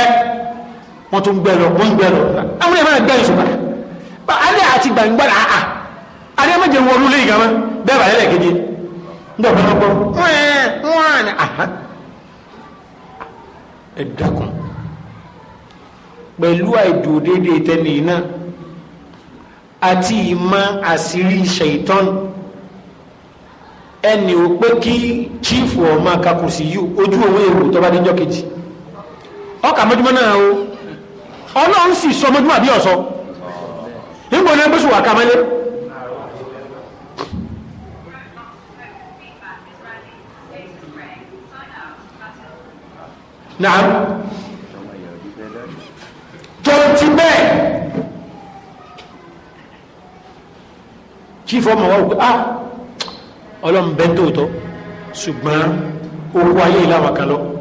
wọ́n tún gbẹ lọ wọ́n gbẹ lọ àwọn èèyàn máa gbẹ ìṣùgbà alẹ́ àti gbàngbàrà àà alẹ́ méje wọ́n rúlé ìgbà wọn bẹ́ẹ̀ bàlẹ́ lẹ́kẹ́jẹ́ ń bọ̀ pẹ́ lọ́pọ̀ wọ́n ẹ̀ dákun pẹ̀lú àìdòdédé tẹ́lẹ̀ iná àti ìmọ̀ àṣírí ṣèitán ẹni ò pé kí chief ọmọ kakùsì yìí ojú òun èrò tó bá déjọ́ kejì ọkà mọ́júmọ́ náà o ọlọ́run sì sọ mọ́júmọ́ àbí ọ̀sọ́ nígbò ní ẹgbẹ́sù wà kàmẹ́lé náà tó ti bẹ́ẹ̀ chief ọmọ wa wùgbẹ́ ah ọlọ́run bẹ́ntòótọ́ ṣùgbọ́n okú ayé ìlàwà kan lọ́wọ́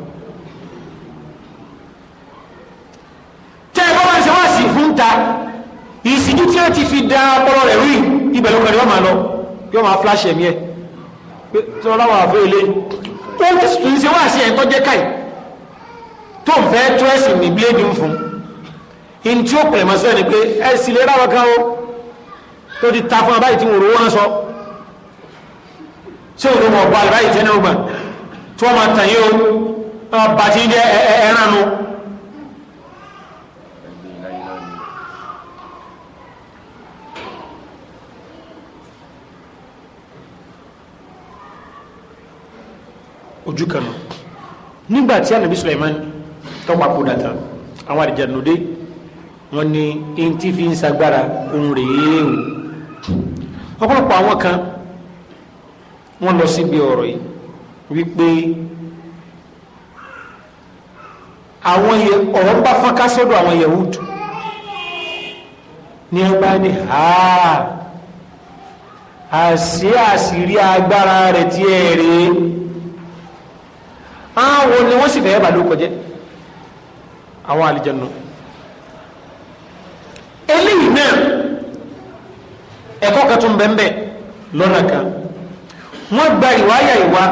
fún ta ìsìnjú tí wọ́n ti fi da ọpọlọ rẹ̀ rí ibẹ̀ ló kẹrin wọ́n máa lọ yóò máa flash ẹ̀mí ẹ̀ pé tí wọ́n láwọn àfẹ́ ilé tó ń tún ṣe wá sí ẹ̀ tó jẹ́ káì tó ń fẹ́ tó ẹ̀sìn ní bíléèdì ń fún in tí ó pẹ̀ mọ́ sọ́ọ̀ ni pé ẹ̀sìn lè ráwọ́ kan ó tó ti ta fún ọ báyìí tí wọ́n rówó ránṣọ ṣé òun mọ̀ ọ̀gbà àlùbáyìí tẹ́ná ọgbà tí wọ́n máa tàn yí ó bàtí jẹ́ ẹ̀ẹ́ránu ojú kan nù nígbà tí anabi Sulaiman tọ́pa kó dàtà àwọn àdìjànúdé wọn ni eŋti fi ń sagbára ohun rèé o ọ̀pọ̀lọpọ̀ àwọn kan wọ́n lọ síbi ọ̀rọ̀ yìí wípé àwọn ọ̀rọ̀ ń bá fọ́nká sọ́dọ̀ àwọn yahud ní ẹgbà ní àà àṣí àṣírí agbára rẹ̀ tí rèé àwọn ni wọ́n sì fẹ́ bà ló kọjẹ́ àwọn àlìjẹnu eléyìí náà ẹ̀kọ́ kan tún bẹ́ẹ̀ lọ́nà kan wọ́n gba ìwáyà ìwá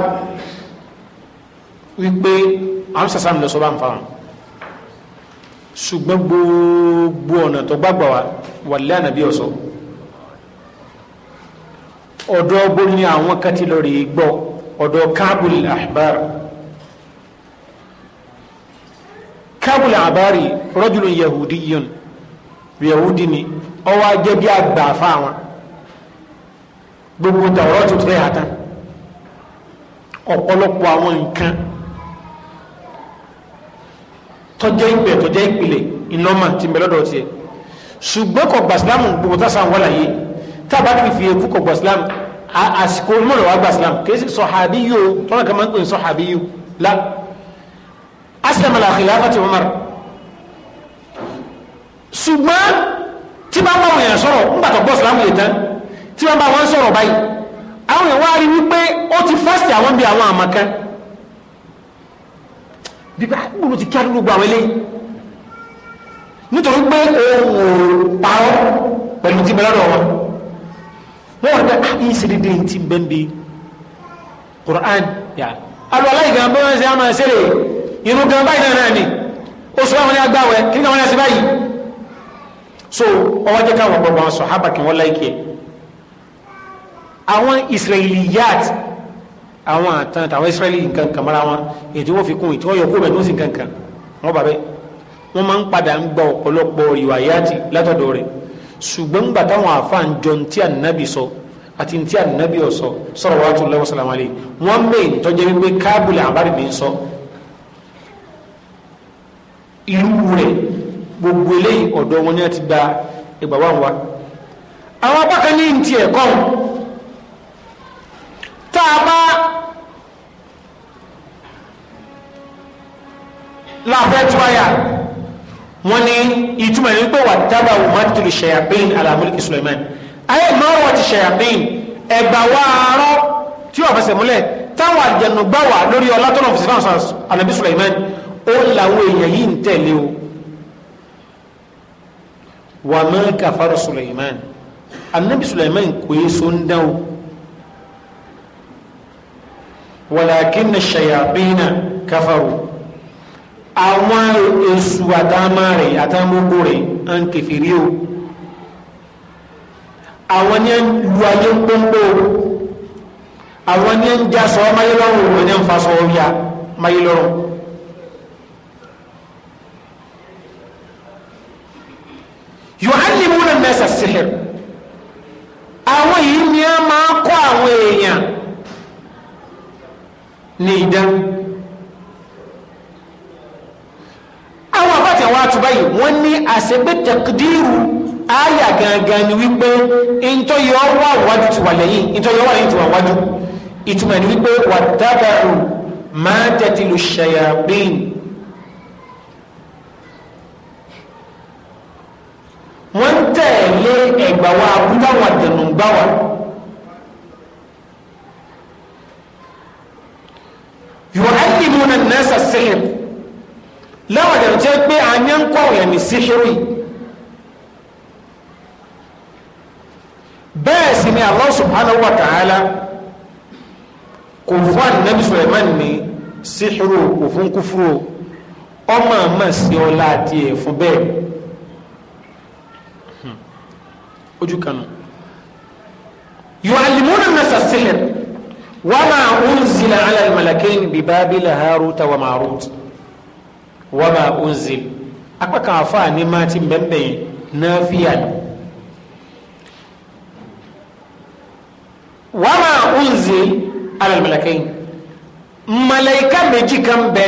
wípé àwọn sàsàmì lọ sọ bá ń fa ṣùgbọ́n gbogbo ọ̀nà tó gbàgbà wà lẹ́ ànàbí ọ̀sọ́ ọ̀dọ́ ọgbọ́n ni àwọn kan ti lọ rí gbọ́ ọ̀dọ́ káàbùl ahbar kábùl àbárì rọ́jùlù yahudi yun yahudi ni ọwọ́ ajẹ́ bí àgbà fáwọn gbogbo tàwọ́rọ́ tó tẹ́ àtà ọ̀pọ̀lọpọ̀ àwọn nǹkan tọ́jẹ́ ìpẹ̀ tọ́jẹ́ ìpìlẹ̀ ìnọ́mà ti mẹ́lọ́dọ̀ tiẹ̀ ṣùgbọ́n kọ̀ gbàsílámù gbogbo tá sàn wọ́là yìí tábà kì í fi èkú kọ̀ gbàsílámù àsìkò mọ̀lọ́wà gbàsílámù kì í sọ̀hábíyù tọ́lá kan máa ń pè ní sọ̀hábíyù lá aslama la khilafati umar ṣùgbọ́n tí bá bá wọ̀nyàn sọ̀rọ̀ ńgbàtọ̀ bọ́ sàlámù yìí tán tí wọ́n bá wọ́n sọ̀rọ̀ báyìí àwọn èèyàn wá rí wípé ó ti fásitì àwọn bí àwọn àmọ̀kan bíbá gbogbo ti kí àdúgbò gbà wọlé nítorí pé òun parọ́ pẹ̀lú ti bẹ̀rẹ̀ lọ́wọ́ wọ́n wọ́n dá àyè ìṣèdédé ti bẹ́ẹ̀ bí Qur'an alọ́ aláìgbà bẹ́ẹ̀ wọ́n ṣe àmọ́ ṣẹlẹ̀ irun gan báyìí náà ni oṣù báwọn ní agbáwẹ̀ kí ní àwọn ẹ̀sìn báyìí so ọwọ́ jẹ́ káwọn gbogbo àwọn sọ̀hábà kí wọ́n láìkẹ́ àwọn israeliyat àwọn àtàn àtàwọn israeli nǹkan kan mara wọn ètò wọn fi kún ètò wọn yọ kó bẹ̀ tó sì nǹkan kan wọn bàbẹ wọn máa ń padà ń gba ọ̀pọ̀lọpọ̀ ìwàyàtì látọ̀dọ̀ rẹ̀ ṣùgbọ́n gbà táwọn àfáàn jọ tí ànábì sọ àti tí ànábì ọ̀sọ sọ̀rọ̀ wàá tún lọ́wọ́ sàlámàlì wọ́n mẹ́yìn tọ́jẹ́ wípé káàbùlẹ̀ àbárẹ̀ ń sọ irú rẹ̀ gbogbo eléyìí ọ̀dọ̀ wọn ni a ti gba ìgbà wà wá àwọn apákan ní ti ẹ̀kọ́ tá a bá láfẹ́ tí wáyà wọ́n ní ìtumọ̀ ìlú pé wà dábà wò má tètè ṣayàbín alamuliki Suleiman ayé máa wọ́n ti ṣayàbín ẹ̀gbà wá arọ́ tí wọ́n fẹsẹ̀ múlẹ̀ táwọn àjẹnùgbà wà lórí ọlá tó náà fi Suleiman ó làwọn èèyàn yìí ń tẹ̀lé o wà má kàfàrọ̀ Suleiman anabi Suleiman kò é so ń dán o wàlàkín na ṣayàbínà kàfàrọ̀ àwọn èṣù àtàmà rẹ̀ àtàmógó rẹ̀ ń kẹfìrí o àwọn ní lu ayé pọ́npọ́ àwọn ní ń já sọ òun ní ń fa sọ ọ́ ya ọmọ yuallimuna an-nasa àwọn yìí ni a máa kọ́ àwọn èèyàn ní idán àwọn àbáti àwọn àtúbá yìí wọ́n ní àṣẹgbé tẹ̀kídìrú ayà gangan ni wípé wà wájú ti wà lẹ́yìn ìntọ́ wà lẹ́yìn ti wà wájú ìtumọ̀ ni wípé wàtábàrù máa tẹ̀tìlù ṣàyàbíìn wọ́n ń tẹ̀lé ẹ̀gbà wa abúlé àwọn àjẹnùgbà wa. yóò ayé mu na nẹ́ẹ̀sà sẹ́yìn láwọn àjẹnù jẹ́ pé àyẹ̀ ń kọ́ ọ̀yàn ní síhírì. bẹ́ẹ̀ sì ni Allah subhanahu wa ta'ala kò fún ànábì Sulaiman ní síhírì òfin ọmọ àmà sí ọlá àti ẹ̀fún bẹ́ẹ̀. ojú kanu yu'allimuna nasa sihr wa ma unzila ala al-malakayn bi babila haruta wa marut wa ma unzil apá kan afa ni máa ti bẹ́ẹ̀ yẹn náà fíyà ni. wa ma unzil ala al-malakayn méjì kan bẹ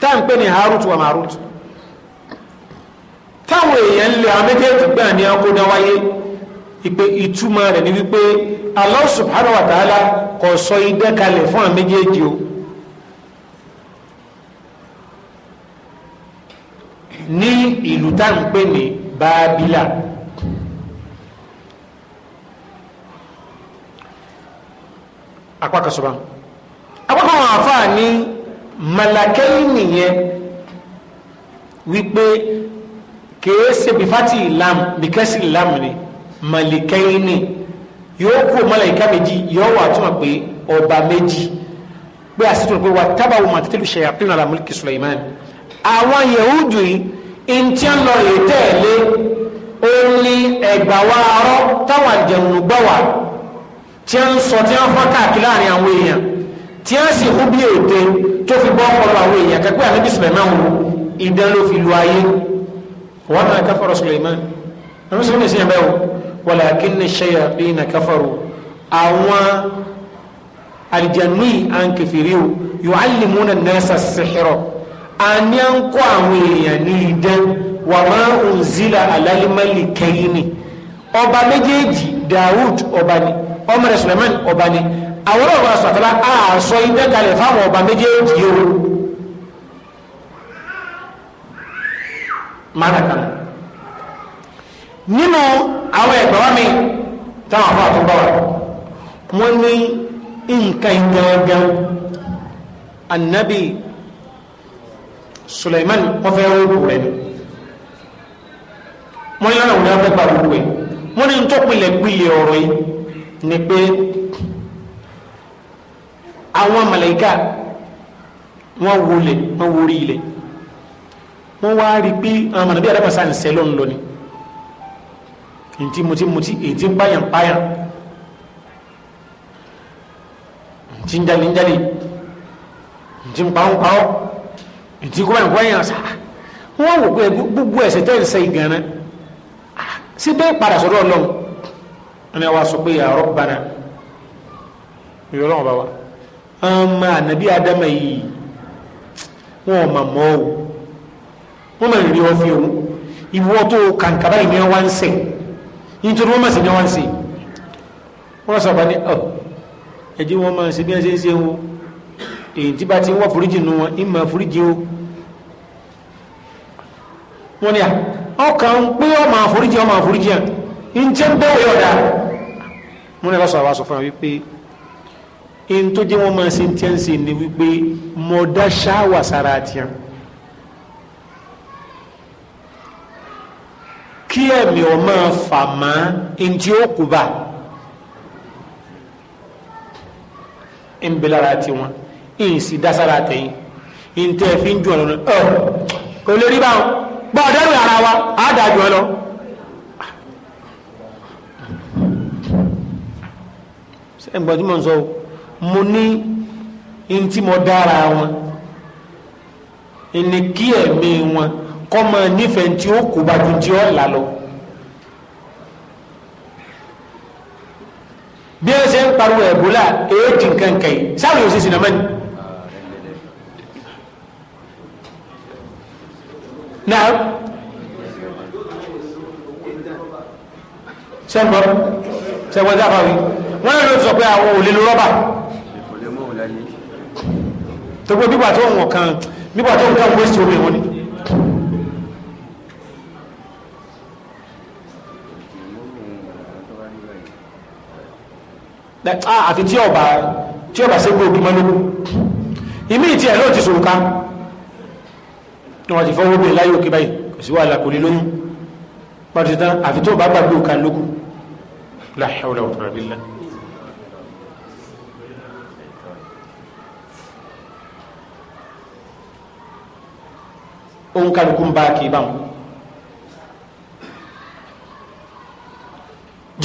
tá ń pè ní harut wa marut táwọn èèyàn lè àwọn méjèèjì gbà ní akódáwáyé ìpè ìtumọ̀ rẹ̀ ni wípé Allah subhanahu wa ta'ala kò sọ idẹ kalẹ̀ fún àwọn méjèèjì o ní ìlú tá ń pè ní Bábílà apákasọba apákan àwọn àfáà ní malakẹ́yì nìyẹn wípé kèé ṣe bífátì ìlàmù bíkẹ́sì ìlàmù ni. Wípé, malikaini yóò kú malaika méjì yóò wà túmọ̀ pé ọba méjì pé àsìtò pé wà tábàwò màtítẹ́lù ṣayatin ala mulki Sulaiman àwọn Yahudu yìí ntí ń lọ rè tẹ́ẹ̀lé ó ní ẹgbà wa arọ táwọn àjẹun gbọ́ wà tí ń sọ tí ń fọ́n káàkiri láàrin àwọn èèyàn tí ń sì hú bí ète tó fi bọ́ ọpọlọ àwọn èèyàn kẹ́kẹ́ àníbi Sulaiman wò ìdán lu ayé wọ́n náà kẹfọ́rọ̀ Sulaiman ẹ̀rọ sọ́kùnrin walakinna shayatina kafaru àwọn aljanni an kefiriw yuallimuna nasa sihiro ani an kọ́ àwọn èèyàn ní idán wa ma unzila alalimali kẹyini ọba méjèèjì dawud ọba ni ọmọ rẹ̀ suleman ọba ni àwọn ọba sọtala a sọ idán kalẹ̀ fáwọn ọba méjèèjì yòó mara kan nínú àwọn ẹ̀gbọ́n mi táwọn afọ àtúgbà wà wọ́n ní nǹkan ìgbọ̀ngàn annabi Suleiman kọfẹ́ rúrú rẹ̀ ni wọ́n ní lọ́nà òun náà fẹ́ gbà rúrú rẹ̀ wọ́n ní tó pilẹ̀ pilẹ̀ ọ̀rọ̀ yìí ni pé àwọn màláíkà wọ́n wọlé wọ́n wọrí ilẹ̀ wọ́n wá rí pé àwọn mọ̀nàbí ntí mutí mutí ètí páyàn páyàn ntí njali njali ntí nkpáwọn kpáwọn ntí kúbáyàn kúbáyàn sá wọn wò pé gbogbo ẹsẹ tẹ ẹsẹ ìgànnà sí bẹ́ẹ̀ padà sọ́dọ̀ Ọlọ́run ẹni wàá sọ pé ya Rabbana ìrọlọ wọn bá wa ọmọ ànábì adama yìí wọn ò mà mọ o wọn mà ń rí ọ fi òun ìwọ tó kàǹkàbáyìí ni wọn wá ń sẹ nítorí wọ́n mọ̀ sí ni wọ́n ń ṣe wọ́n sọ̀rọ̀ ní ọ̀ ẹ̀dí wọn máa ṣe bí wọ́n ṣe ń ṣe wo èyí tí bá ti wọ́n foríjì nu wọn ìmọ̀ foríjì o wọ́n ní à ọkàn ń pé wọ́n máa foríjì wọ́n à ń jẹ́ bẹ́ẹ̀ yọ̀dà wọ́n ní lọ́sọ̀rọ̀ wa sọ fún wa wípé èyí tó jẹ́ wọ́n máa ṣe ń ń ṣe ni wípé mọ̀ọ́dá ṣáwà sára tiẹ̀ kí ẹ̀mí ọ máa fà má ntí ó kú bá ń bẹ lára tiwọn ń sì dására tẹ̀yìn ń tẹ́ fi ń jù ọ̀nà ọ̀ kò lè rí báwọn gbọ́ ọ̀dẹ́rù ara wa á dà jù ọ lọ. ẹgbẹ́ tí mo ń sọ mo ní ntí mo dára wọn ẹni kí ẹ̀mí wọn kọ́mọ nífẹ̀ẹ́ tí ó kó bàjú tí ó là lọ. bí ẹ ṣe ń pariwo ẹ̀bùlà èéjì nǹkan kan yìí sáwọn yóò ṣe sinamá ni. náà sẹ́ńbọ̀ sẹ́ńbọ̀ sáfà wí wọ́n lè lọ sọ pé àwọn ò lè lo rọ́bà tó gbé bíbà tó ń wọ̀ kan bíbà tó ń kàn wéṣì omi wọn ni. Ah, àfi tí ọba tí ọba ṣe gbóògì mọ́ lókun ìmí ìtì ẹ̀ ló ti sòrùka wọn ti fọwọ́ bẹ̀rẹ̀ láyé òkè báyìí kò sí wàhálà kò lè lóyún pàtó tán àfi tí ọba gbàgbé òkà lókun la hawla wa quwwata billah òun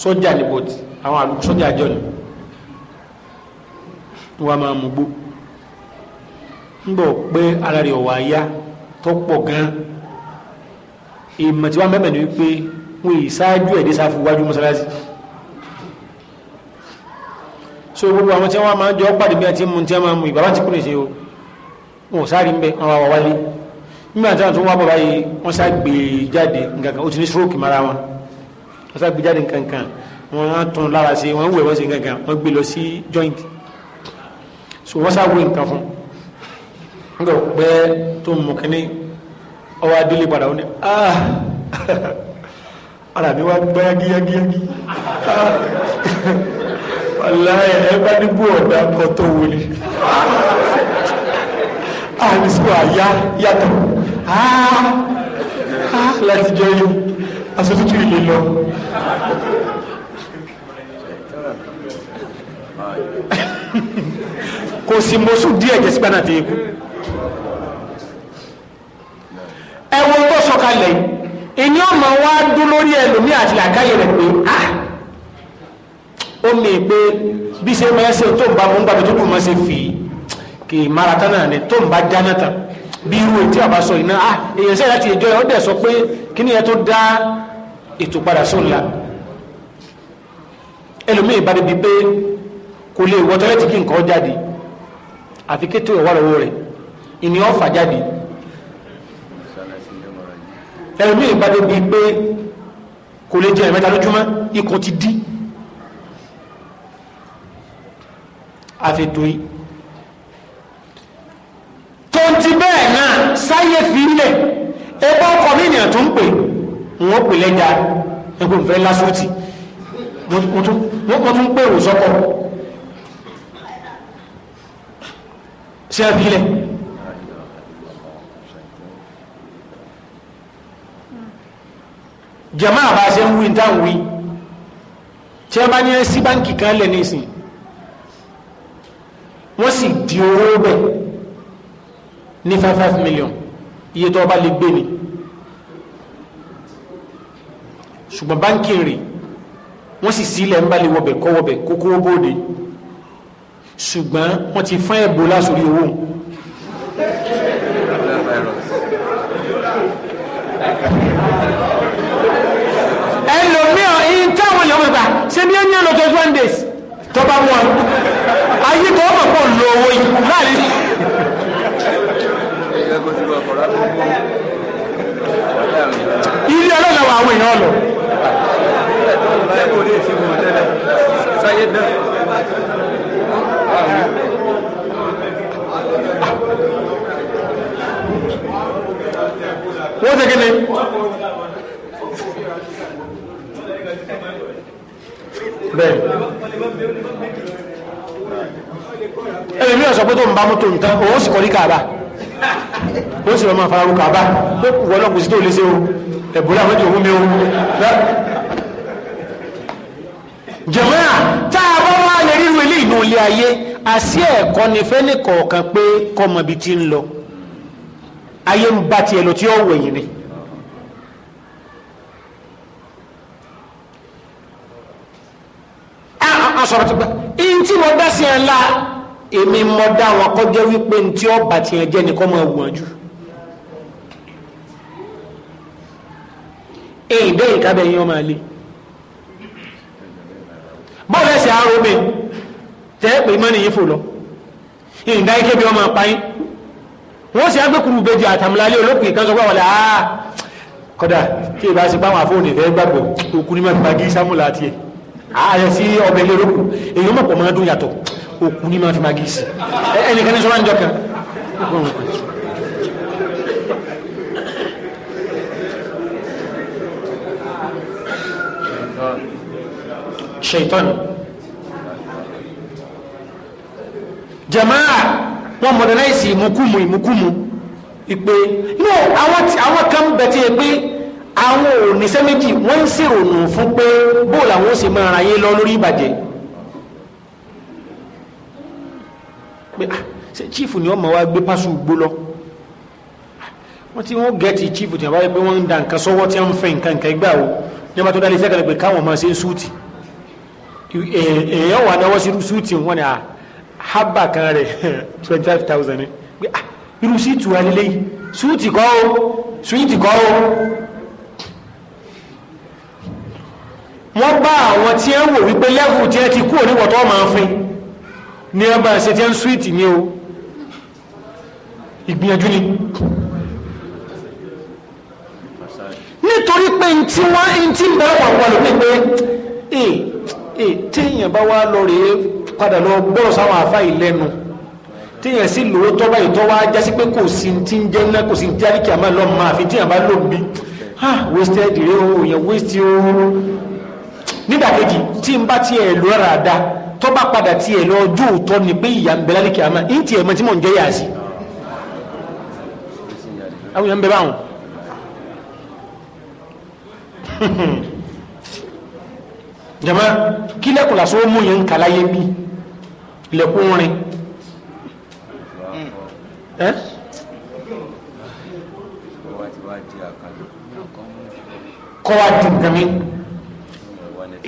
sọ́jà ní bọ̀tì àwọn sọ́jà àjọ ni wọ́n máa mú gbó ń bọ̀ pé ara rẹ̀ ọ̀wà ya tó pọ̀ gan ìmọ̀ tí wọ́n mẹ́mẹ́ ni wípé wọ́n yìí ṣáájú ẹ̀dẹ́ sáfù wájú mọ́sálásí so gbogbo àwọn tí wọ́n máa ń jọ pàdé bí wọ́n ti mú tí wọ́n máa mú ìbára ti kúrò ṣe o wọn ò sáré ń bẹ wọn wá wálé nígbà tí wọ́n tún wá bọ̀ báyìí wọ́n sá gbé e jáde nǹkan kan ó ti ní stroke mara wọn wọ́n sá gbé jáde nkankan tún lára sí wọ́n wẹ̀ wọ́n sí nkankan wọ́n gbé lọ sí joint so wọ́n sá wé nkan fún nga pẹ́ tó mọ̀ kínní ọwọ́ adélé padà ó ní ah ara mi wá gbá yagiyagiyagi wàláyé ẹ bá ní bú ọ̀dà kan tó wọlé àmì sọ àyà ah, yàtọ̀ ah ah láti jẹ́ yó aṣọ tuntun ilé lọ kò sí mọ́sù díẹ̀ jẹ́ sígbà náà ti ikú ẹwọ tó sọ̀kalẹ̀ ìní ọmọ wa dún lórí ẹlòmí àti làkàyè rẹ̀ pé ah ó mi pé bí ṣe máa ṣe tó ń bá mú ń gbàgbé tó kù máa ṣe fì í kì í mara tán náà ni tó ń bá jáná tán bí irú ètí àbá sọ iná ah èèyàn sẹ́yìn láti ìjọ ẹ̀ ọ́ dẹ̀ sọ pé kí ni ẹ tó dá ìtúpadà sóńlá ẹlòmíì bá débi pé kò lè wọ tọ́lẹ́tì kí nǹkan jáde àfi kété ọ̀wá lọ́wọ́ rẹ̀ ìní ọ̀fà jáde ẹlòmíì bá débi pé kò lè jẹ ẹ̀mẹ́ta lójúmọ́ ikùn ti dí àfètò tó ti bẹ́ẹ̀ náà sáyé fi ń lẹ̀ ẹgbẹ́ tó ń pè é wọ́n pè lẹ́jà ẹgbẹ́ òfẹ́ lásùtì wọ́n tún pè wò sọ́kọ̀ sí ẹ̀fílẹ̀ jẹ̀má àbá ṣe ń wí ní táwọn wí tí ẹ bá ní sí báńkì kan lẹ̀ nísìn wọ́n sì di owó bẹ̀ ní five five million iye tó ọba lè gbé ni. ṣùgbọ́n báńkì rè wọ́n sì sílẹ̀ ń balẹ̀ wọbẹ̀ kọ́ wọbẹ̀ kókó bóde ṣùgbọ́n wọ́n ti fán ẹ̀bọ lásòrí owó ẹlòmíràn iye táwọn èèyàn gbà ṣe bí ẹni ẹlò tó one days tó wọn ayé tó wọn pọ̀ lọ owó yìí láàrin. ilé ọlọ́lọ́wọ́ àwọn èèyàn lọ sẹ́kù lè ti mọ̀ tẹ́lẹ̀ sáyé náà. wọ́n ṣe kí ni. bẹ́ẹ̀ ẹlẹ́mi ọ̀sọ̀ pé tó ń bá mọ́tò ń tán òun sì kọ́ ní kàbá máa fara ru kàbá wọ́n lọ́kùn sí tó lé sí o ẹ̀bùrẹ́ àwọn èdè òun mi òun jẹ̀mọ́ra tá a bá wá lè rí ilé ìnú ilé ayé àsí ẹ̀kọ́ ni fẹ́ni kọ̀ọ̀kan pé kọ́mọbi ti ń lọ ayé ń bá tiẹ̀ lọ tí ó wẹ̀yìn ni. asọ̀rọ̀ ti gbà ntí mo dá sí ẹ̀ ńlá èmi mo dá wọn kọjá wípé ntí ọba tiẹ̀ jẹ́ ni kọ́ máa wọ́n jù. èyí bẹ́ẹ̀ ìkábẹ̀ yín ọmọ ilé bọ́ọ̀lù ẹ̀sẹ̀ àárò mi tẹ́ ẹ pé mọ́ni yín fò lọ ìdá ike bí ọmọ apáyín wọ́n sì agbẹ́kùrú bèjì àtàmúlálé olókùn ìkan sọ pàwọ̀lẹ̀ àá ah! kọ́dà tí ìbá sí páwọn àfọwọ́n ìfẹ́ gbàgbọ́ òkú ní máa fi magi sámúlà tiẹ̀ ààrẹ sí ọbẹ̀ ilé olókùn èyí mọ̀pọ̀ máa dún yàtọ̀ òkú ní máa fi magi sí ẹnìkan ní sọ́wọ́n ìjọ kan ṣètọ́n jama'a wọn modernize ìmúkúmu ìmúkúmu ìpè no àwọn kan bẹ̀tí ẹ pé àwọn òníṣẹ́ méjì wọ́n ń ṣèrònú fún pé bóòlù àwọn ó sì máa ra yé lọ lórí ìbàjẹ́ pé ah ṣe chief ni wọ́n máa wá gbé pásù gbó lọ wọ́n ti wọ́n gẹ̀ẹ́tì chief tí wọ́n bá yẹ pé wọ́n ń da nǹkan sọ́wọ́ tí wọ́n ń fẹ́ nǹkan nǹkan ẹgbẹ́ àwọn ní wọ́n bá tó dá lé sẹ́kẹ̀lẹ̀ pé káwọn máa ṣe ń súùtì èèyàn wà náwó sí rúsúùtì wọn ni hábà kan rẹ̀ *laughs* twenty five thousand ni pé irú síìtì wà nílé yìí súùtì kọ́ o súùtì kọ́ o. wọ́n bá àwọn tí ẹ ń wò wípé lẹ́fù tí ẹ ti kú òníwọ̀ tó máa ń fin ní ẹ bá ṣe tí ẹ ń súìtì ní o ìgbìyànjú ni nítorí pé ntí wọ́n ntí ń bẹ̀rẹ̀ pàpọ̀ pé ee Eh, téèyàn bá wá lọ padà lọ gbọ́rọ̀ sáwọn àfa ìlẹ́nu téèyàn sí lòó tọ́ba ìtọ́ wá jásí pé kò sí ti ń jẹ́ kò sí àríkì àmọ́ àfi bá lò bí ah wasted o waste nígbà tí n bá tiẹ̀ lọ rà tọ́ba padà tiẹ̀ lọ ojú òótọ́ ni pé ìyá ń bẹ tí jama kila kula lásán ó mú yẹn ń kàláyé bí lẹ́kùn rin ẹ́ kọ́ wa dùn kan mi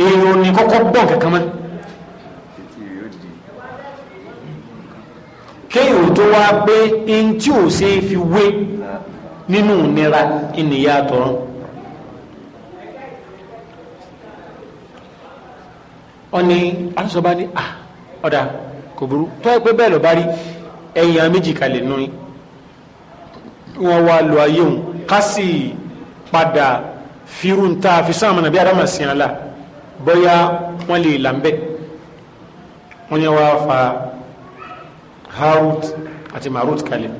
èrò ní kọ́kọ́ gbọ́n kankan mọ́ kéèyàn tó wá pé ẹni tí ò ṣe é fi wé nínú ìnira ìnìyà àtọ̀run. ọni asọ́ba ni à ọ̀dà kò burú tó ẹ pé bẹ́ẹ̀ lọ́ba rí ẹ̀yìn àméjì kalẹ̀ nù ni wọ́n wá lọ ayé òun ká sì padà firun tá a fi sáàmù nàbí adama sìn án la bóyá wọ́n lè làǹbẹ̀ wọ́n yẹn wá fa Harut àti Marut kalẹ̀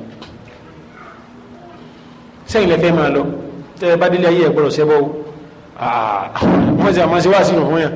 sẹ́yìn lẹ́fẹ́ máa lọ tẹ́ ẹ bá délé ayé ẹ̀ gbọ́dọ̀ sẹ́bọ̀ o wọ́n ti àmọ́ sí wá sínú fún yàn.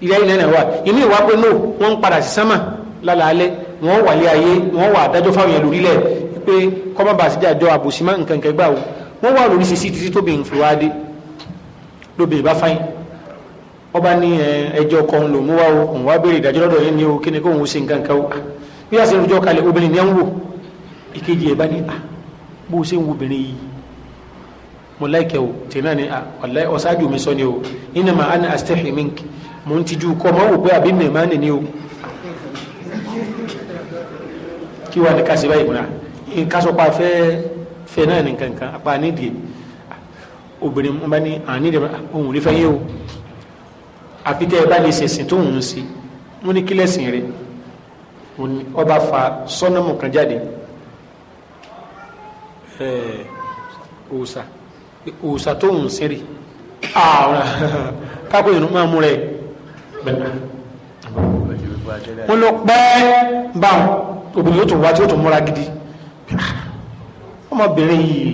ilẹ̀ ilẹ̀ náà wà inú ìwà pé no wọ́n ń padà sí sánmà lálàálẹ̀ wọ́n wà lé ayé wọ́n wà adájọ́ fáwọn yẹn lórílẹ̀ pé kọ́mọ́ bá sí dájọ́ àbòsímá nǹkan kẹgbà o wọ́n wà lórí sisi títí tóbi ìfúwádé lóbi ìbá fáyín ọba ní ẹjọ́ kan ló mú wa o òun wá béèrè ìdájọ́ lọ́dọ̀ yẹn ni o kí ni kó òun ṣe nǹkan kan o ah, bí wàá ṣe ń rojọ́ kalẹ̀ obìnrin ni ẹ ń wò ìkejì ẹ̀ bá ní à ah, bó ṣe ń wo obìnrin yìí mo láìkẹ́ o tẹ̀ náà ni à ah, ọ̀ṣáájú mi sọ ni o inama ana astahi minki mò ń tijú kọ́ mọ́ wò pé àbí mẹ̀mánì ni o kí wàá ní ká ṣe báyìí múra nǹkan sọ pé a fẹ́ fẹ́ náà ní kankan apá nídìí obìnrin mo bá ní ànídìí ohun rí fẹ́ o àfi bá lè ṣẹ̀sìn tó ń ṣe wọ́n ní kílẹ̀sìn rẹ̀ ọba fa sọ́nàmù kan jáde òòsà òòsà tó ń ṣeré àwọn kápẹ́ ìrùn máa mú rẹ̀ wọ́n lọ pẹ́ bá obìnrin yóò tún wá tí ó tún múra gidi ọmọbìnrin yìí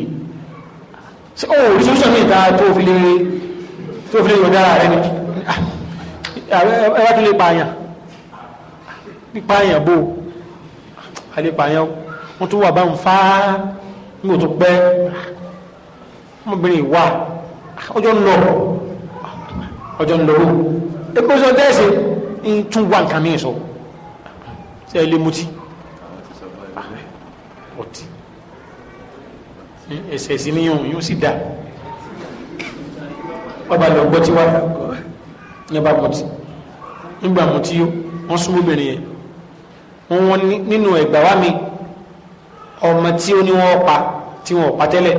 ṣe ó rí sọ́sọ́ mi ìta tó fi lè tó fi lè yọ̀ dára rẹ ni ah, ẹwà tó lè pààyàn pípààyàn bò a lè pààyàn wọ́n tún wà bá ń fa nígbà tó pẹ́ ọmọbìnrin wà ọjọ́ ń lọ ọjọ́ ń lọ ekosọ tẹ́ẹ̀sì ń tún wà nǹkan mìíràn sọ ṣe é lè mutí ọtí ẹsẹ̀ sí ni yóò sì dá ọba lọ gbọ́ tí wá ní ọba mutí nígbà mutí wọ́n súnmọ́ obìnrin yẹn wọ́n wọ́n nínú ẹ̀gbà wá mi ọmọ tí ó ní wọ́n pa tí wọ́n pa tẹ́lẹ̀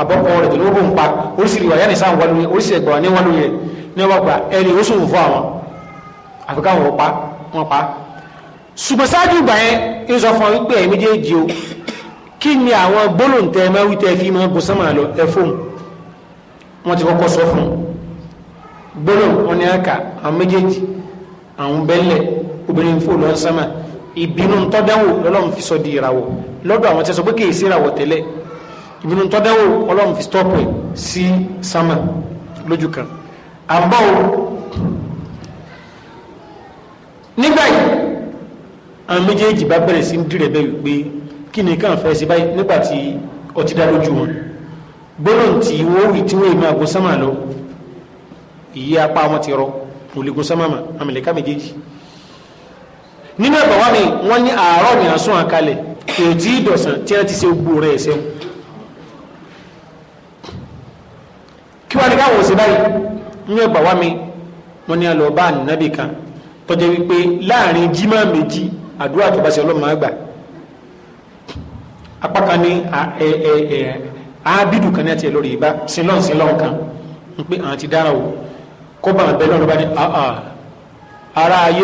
abọ́kọ rẹ̀ tó ní wọ́n bò ń pa oríṣiríwáyà ní sáà wà lóye oríṣiríwáyà ní wà lóye ní ọba gba ẹni ó sòwò fún àwọn àfi káwọn pa wọn pa ṣùgbọ́n ṣáájú ìgbà yẹn ń sọ fún ọ wípé ẹ̀mí méjèèjì o kí ni àwọn gbólóǹtẹ máa wí tẹ́ fi máa gùn sánmà lọ ẹ fóun wọn ti kọ́kọ́ sọ fún un gbólóǹ wọn ni àkà àwọn méjèèjì àwọn bẹ́lẹ̀ obìnrin fò lọ sánmà ìbínú tọ́dáwò lọ́lọ́run fi sọ di ìràwọ̀ lọ́dọ̀ àwọn tẹ́sọ pé kì í sí ìràwọ̀ tẹ́lẹ̀ ìbínú tọ́dáwò ọlọ́run fi stọ́pù ẹ̀ sí sánmà lójú kan àbọ̀ o nígbà yìí àwọn méjèèjì bá bẹ̀rẹ̀ sí ń dìrẹ̀ bẹ́ẹ̀ wípé kí ni káà fẹ́ sí báyìí nígbà tí ọtí dá lójú wọn gbọ́dọ̀ tí wọ́n wì tí wọ́n máa gun sámà lọ ìyí apá wọn ti rọ kò sámà mà àmìlẹ́ká méjèèjì nínú ẹ̀bà wa mi wọ́n ní àárọ̀ ní asún àkalẹ̀ kò tí tí wọ́n ti ṣe gbogbo rẹ̀ ẹ̀sẹ̀ kí wọ́n ní káwọn ò sí báyìí ní ẹgbà wá mi wọn ni a bá kan wípé láàrin jimá méjì àdúrà tó bá ṣe ọlọ́mọ àgbà apá kan ní ẹ kan ní àti ìbá sílọ̀n sílọ̀n kan àwọn ti dára o kó bá àwọn ah, ah, ara ayé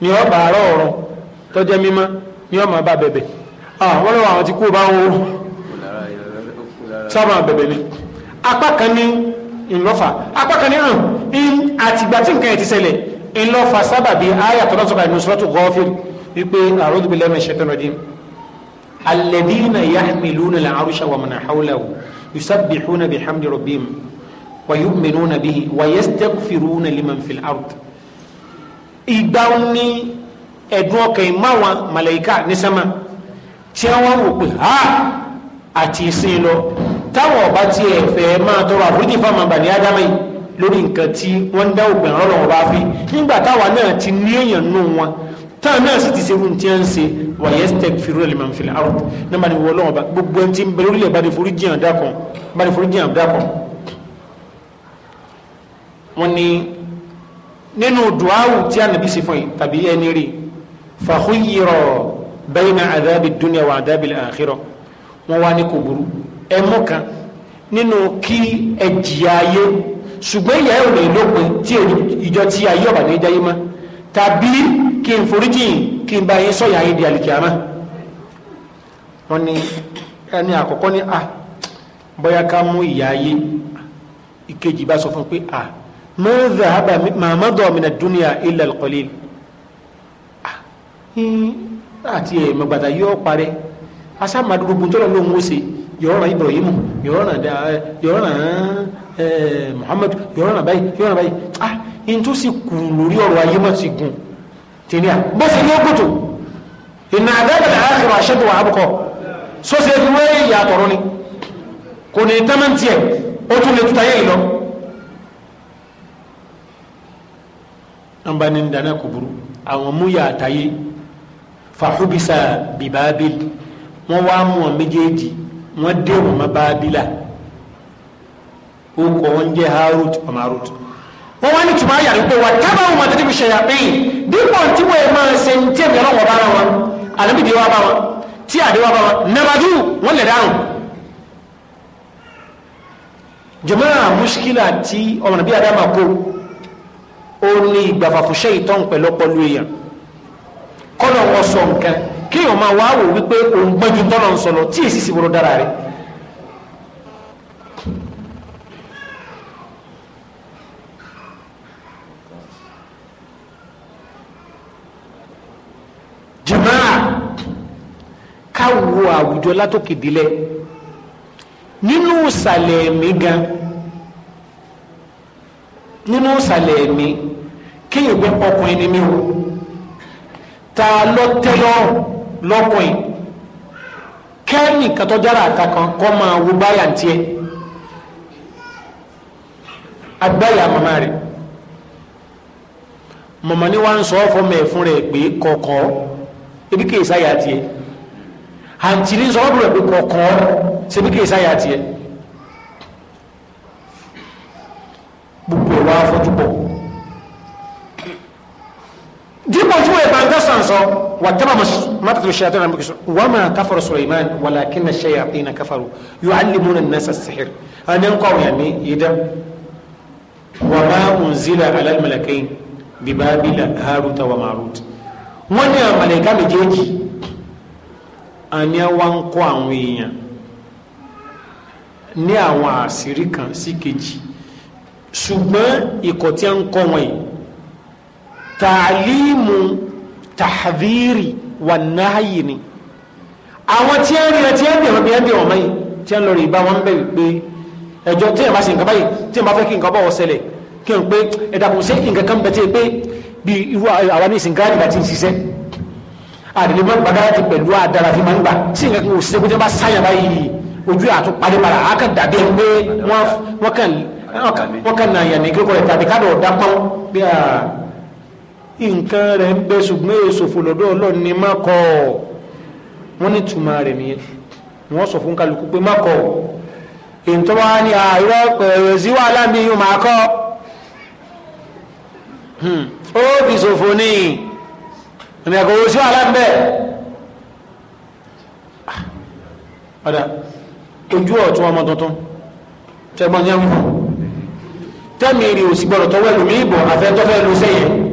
ni ọba àárọ̀ ọrọ tọ́jọ́ mímọ́ ni ọmọ bá ah, àwọn ti kú bá wọn sábà ni apá kan ní. ńlọ́fà apákan ní hàn àtìgbà tí nǹkan ẹ̀ ti ṣẹlẹ̀ ńlọ́fà sábàbí ayà tó lọ́sọ̀kà ìlú sọ́tù gọ́ọ̀fìn wípé a'udhu billahi minash shaitani rajim alladhina yahmiluna al-arsha wa man hawlahu yusabbihuna bihamdi rabbihim wa táwọn ọba tí ẹ fẹ́ máa tọrọ àforíjì fáwọn àgbà ní ádámà yìí lórí nǹkan tí wọ́n ń dá ògbìn ọlọ́run ọba fi nígbà táwa náà ti ní èèyàn nù wọn táwọn náà sì ti ṣe ohun tí wọ́n ń ṣe wàyẹ step fi rúlẹ̀ lè máa ń filẹ̀ àrùn náà bá ní wọ́n ọlọ́run ọba gbogbo ẹni tí ń bẹ lórílẹ̀ bá ní foríjì hàn dákan bá ní foríjì hàn dákan. wọ́n ní nínú duawu tí ànàbí ṣe fún yìí tàbí ẹni rí fàkúyìrọ̀ bayna àdábì dúnìyà wà àdábì àkhírà wọ́n wá ní kò burú ẹmú kan nínú kí ẹjìyà ayé ṣùgbọ́n ìyá ẹ̀rọ ìlópin tí ìjọ tí ayé ọ̀bà ní jáyé mọ́ tàbí kí n foríjìn kí n bá yín sọ̀yà ayé di àlìkìyàmá wọn ni ẹni àkọ́kọ́ ní a bóyá ká mú ìyá ayé ìkejì bá sọ fún pé a mẹ́rẹ́dà àbá màmọ́dọ̀ mìíràn dúnìyà ilẹ̀ ọ̀kọ́lẹ́ àti ẹ̀mọ̀gbàdà yóò parẹ́ asámadúrógún tó lọ́wọ́ ń wọ́sẹ̀ yóò ràn Ibrahim yóò ràn eh, yóò eh, Muhammad yóò ràn báyìí yóò ah n tó sì kù lórí ọ̀rọ̀ ayé má ti gùn tèmi à bó ṣe ní ó gòtò ìnà àdáàbẹ̀lẹ̀ àkàrà àṣẹ́dù àbùkọ sọ́sẹ̀ fi wé kuburu àwọn mú yà àtàyè fàhùbísà bìbábìlì wọn wá mú wọ́n dé wọn mọ́ bábílà ó kọ́ wọn jẹ́ harut ọmọ harut wọ́n wá ní tùmọ̀ ayà wípé wà tábà wọn máa tẹ́tí fi ṣẹ̀yà pé dípò tí wọ́n yẹ máa ṣe ń tẹ́ mi ọlọ́wọ́ bára wọn àlébìdí wa bá wọn tí àdé wa bá wọn nàbàdú wọn lè dáhùn jọmọ́ra mùsùkìlà tí ọmọ nàbí adama kó ó ní ìgbàfàfùṣẹ́ ìtọ́ pẹ̀lọ́pọ̀lú èèyàn kọ́nà wọn sọ nǹkan kí èèyàn máa wá wò wípé òun gbẹ́jú tọ́nà ń sọ̀nà tí èsì ìsìnkú dára rẹ̀ jàmáà káwo àwùjọ látòkèdílẹ̀ nínú ìsàlẹ̀ ẹ̀mí gan nínú ìsàlẹ̀ ẹ̀mí kéèyàn gbé ọkùnrin ni mí o ta lọ tẹ́lọ́rùn lọ́kùnrin kẹ́ẹ̀nì kàtọ́jára àtàkàn kọ́ máa wo báyà ń tiẹ̀ agbáyà màmá rẹ̀ màmá ni wọ́n ń sọ fọ́ mẹ́ fún rẹ̀ pé kọ̀ọ̀kọ́ ebi kì í sáyà tiẹ̀ àǹtí ní sọ fún rẹ̀ pé kọ̀ọ̀kọ́ sebi kì í sáyà tiẹ̀ gbogbo ẹ̀ wá fọ́jú bọ̀. واتبع مطلب الشياطين عن وما كفر سليمان ولكن الشياطين كفروا يعلمون الناس السحر أن ينقوا يعني يدا وما أنزل على الملكين ببابل هاروت وماروت wọ́n ní àwọn màlàíkà méjèèjì àní wa ń kọ́ àwọn àṣírí kan sí kejì ṣùgbọ́n ìkọ̀ tí ń kọ́ wọn yìí tààlímù tàhàdírì wà náàyè ni àwọn tí ń rìnà tí ń bẹ̀rẹ̀ bí ń bẹ̀rẹ̀ ọmọ yìí tí ń lọ rí bá wọn bẹ̀ wípé ẹjọ́ tí ń bá ṣe nǹkan báyìí tí ń bá fẹ́ kí nǹkan bọ̀ wọ́n ṣẹlẹ̀ kí n pé ẹ̀dàkùn sí nǹkan kan bẹ̀ tí ń pé bí irú àwọn ní ìsìnká nígbà tí ń ṣiṣẹ́ àdìlẹ́ mọ́ gbàdára ti pẹ̀lú àdára fi máa ń gbà tí nǹkan kan ò ṣe pé tí ń bá sáyà báyìí ojú àtún nǹkan rẹ̀ ń bẹ ṣùgbọ́n èsòfò lọ́dọ̀ ọlọ́run ni má kọ́ ọ wọ́n ní tùmọ̀ rẹ̀ nìyẹn wọ́n sọ fún kálukú pé má kọ́ ọ èyí tó wá ní àárọ̀ pẹ̀rẹ̀ sí wàhálà mi yóò máa kọ́ hmm. ó fi ṣòfò ní ìrìn àgọ́ sí wàhálà ń bẹ ah. padà ojú ọ̀tún ọmọ tuntun tẹ́gbọ́n yẹn mú tẹ́mi rí òsì gbọ́dọ̀ tọ́wọ́ ẹlòmíì bọ̀ àfẹ́tọ́fẹ́ lọ sẹ́yìn.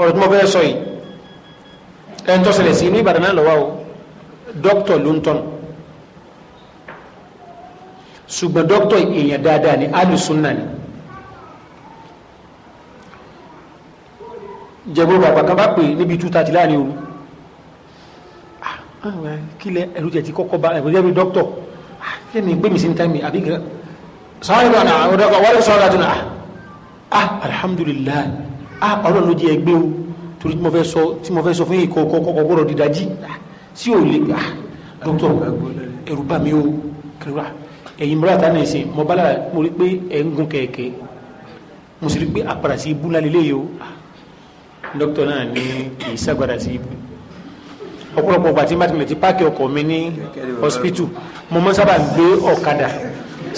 ọ̀rọ̀ tí mo fẹ́ sọ yìí ẹni tó ṣẹlẹ̀ sí ní Ìbàdàn náà lọ́wọ́ o dókítà ló ń tọ́nu ṣùgbọ́n dókítà èèyàn dáadáa ni alùsùnà ni jẹ̀bú bàbá kan bá pè níbi two thirty láàrin òru ah, ah, kílẹ̀ ẹ̀rú jẹ̀ ti kọ́kọ́ bá ẹ̀rú jẹ́ bí dókítà ah, kí ni pé mi sí ní táìmì àbí gẹ̀rẹ́ sọ́ọ́rì náà àwọn dókítà wọ́n lè sọ́ọ́rì láti náà ah alhamdulilayi ah ọlọ́run ló jẹ́ ẹgbẹ́ o torí tí mo fẹ́ sọ tí mo fẹ́ sọ fún ìkọ̀ kọ̀kọ̀ gbọ́dọ̀ dídájí ah, sí ò lè ah dókítọ̀ ẹ̀rù bà mí o kẹrìwá ẹ̀yin mìíràn tá nìsín mo bá lára mo rí pé ẹ̀ ń gun kẹ̀kẹ́ mo sì rí pé àpàdà sí ibú lálẹ́ yìí o ah, dókítọ̀ náà ní kì í sàgbàdà sí ibú ọ̀pọ̀lọpọ̀ ọgbà tí mátìmẹ̀tì páàkì ọkọ̀ mi ní hospital mo mọ́ sábà gbé ọ̀kadà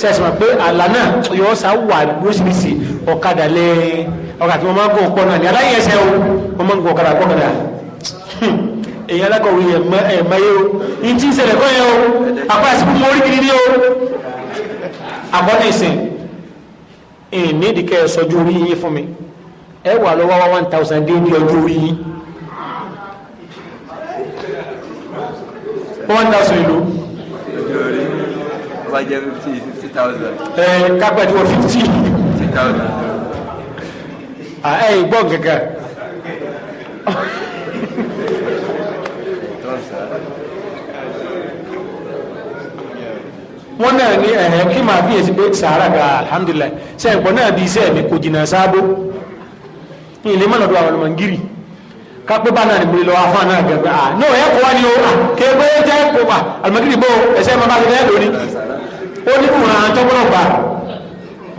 sẹ́sìmọ̀ pé àlà náà yọ sá wà lóṣìṣì ọ̀kadà lẹ́ ọ̀kadà tí wọ́n máa ń gùn pọ̀ náà ní aláyẹ̀ ẹsẹ̀ o wọ́n máa ń gùn ọ̀kadà pọ̀kadà èyí *laughs* alákọ̀wé yẹn mẹ́yẹ o ní tí ń ṣẹlẹ̀ kọ́ yẹn o àpá àsìkò mọ́ orí kiri ní o àbọ̀dé ìsìn ìní ìdíkẹ́ ẹ̀sọ́jú orí yín fún mi ẹ wà lọ́wọ́ wá one thousand dé ní ọjọ́ orí yín one thousand ìlú bá jẹ́ fifty fifty thousand. ẹ kápẹ́ tí wọ́n fifty. fifty thousand. ẹ gbọ́ gẹ́gẹ́. wọ́n náà ní ẹ̀hẹ́ kí máa fi èsì pé sàárà ga alhamdulilayi sẹ́yìnpọ̀ náà bí iṣẹ́ mi kò jìnnà sáábó ní ilé mọ́nà tó àwọn ọmọ ngírì kápẹ́ bá náà nìgbèrè lọ́wọ́ afọ́ náà gẹ̀gẹ́ à náà ẹ̀ kọ́ wá ní o kéèké jẹ́ kó wà alùmọ́gírì bó ẹ̀sẹ̀ máa bá ti dẹ́ lórí ó ní kùnà àtọ́gbọ́n gbà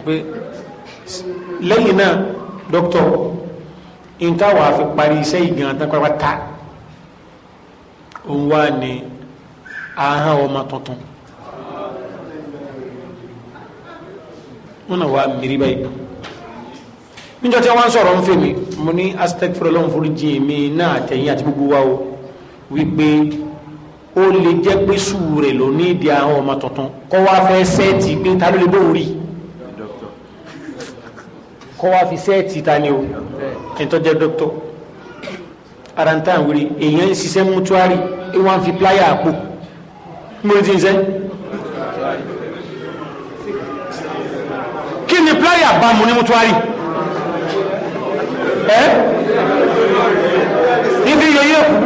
pé lẹ́yìn náà dókítọ̀ nǹkan wàá fi parí iṣẹ́ ìgbìyàn tán pátápátá òun wá ní ahọ́n ọmọ tuntun wọn náà wá mìírí báyìí níjọ́ tí wọ́n sọ̀rọ̀ ń fèmí mo ní aztec fúlọ́lọ́hún forí jìn mí náà àtẹ̀yìn àti gbogbo wa o wípé ó lè jẹ́ pé sùúrù rẹ̀ ló ní ìdí àwọn ọmọ tuntun kọ́ wá fẹ́ sẹ́ẹ̀tì pé ta ló lè bóun rí kọ́ wá fi sẹ́ẹ̀tì ta ni o ìtọ́jẹ́ dókítọ̀ ara ń tàn wíri èèyàn ń ṣiṣẹ́ mọ́túárì wọ́n fi pláyà àpò mbọ́n ti ń sẹ́ kí ni pláyà bá mu ní mọ́túárì ẹ́ ní fi yẹ yẹ kù.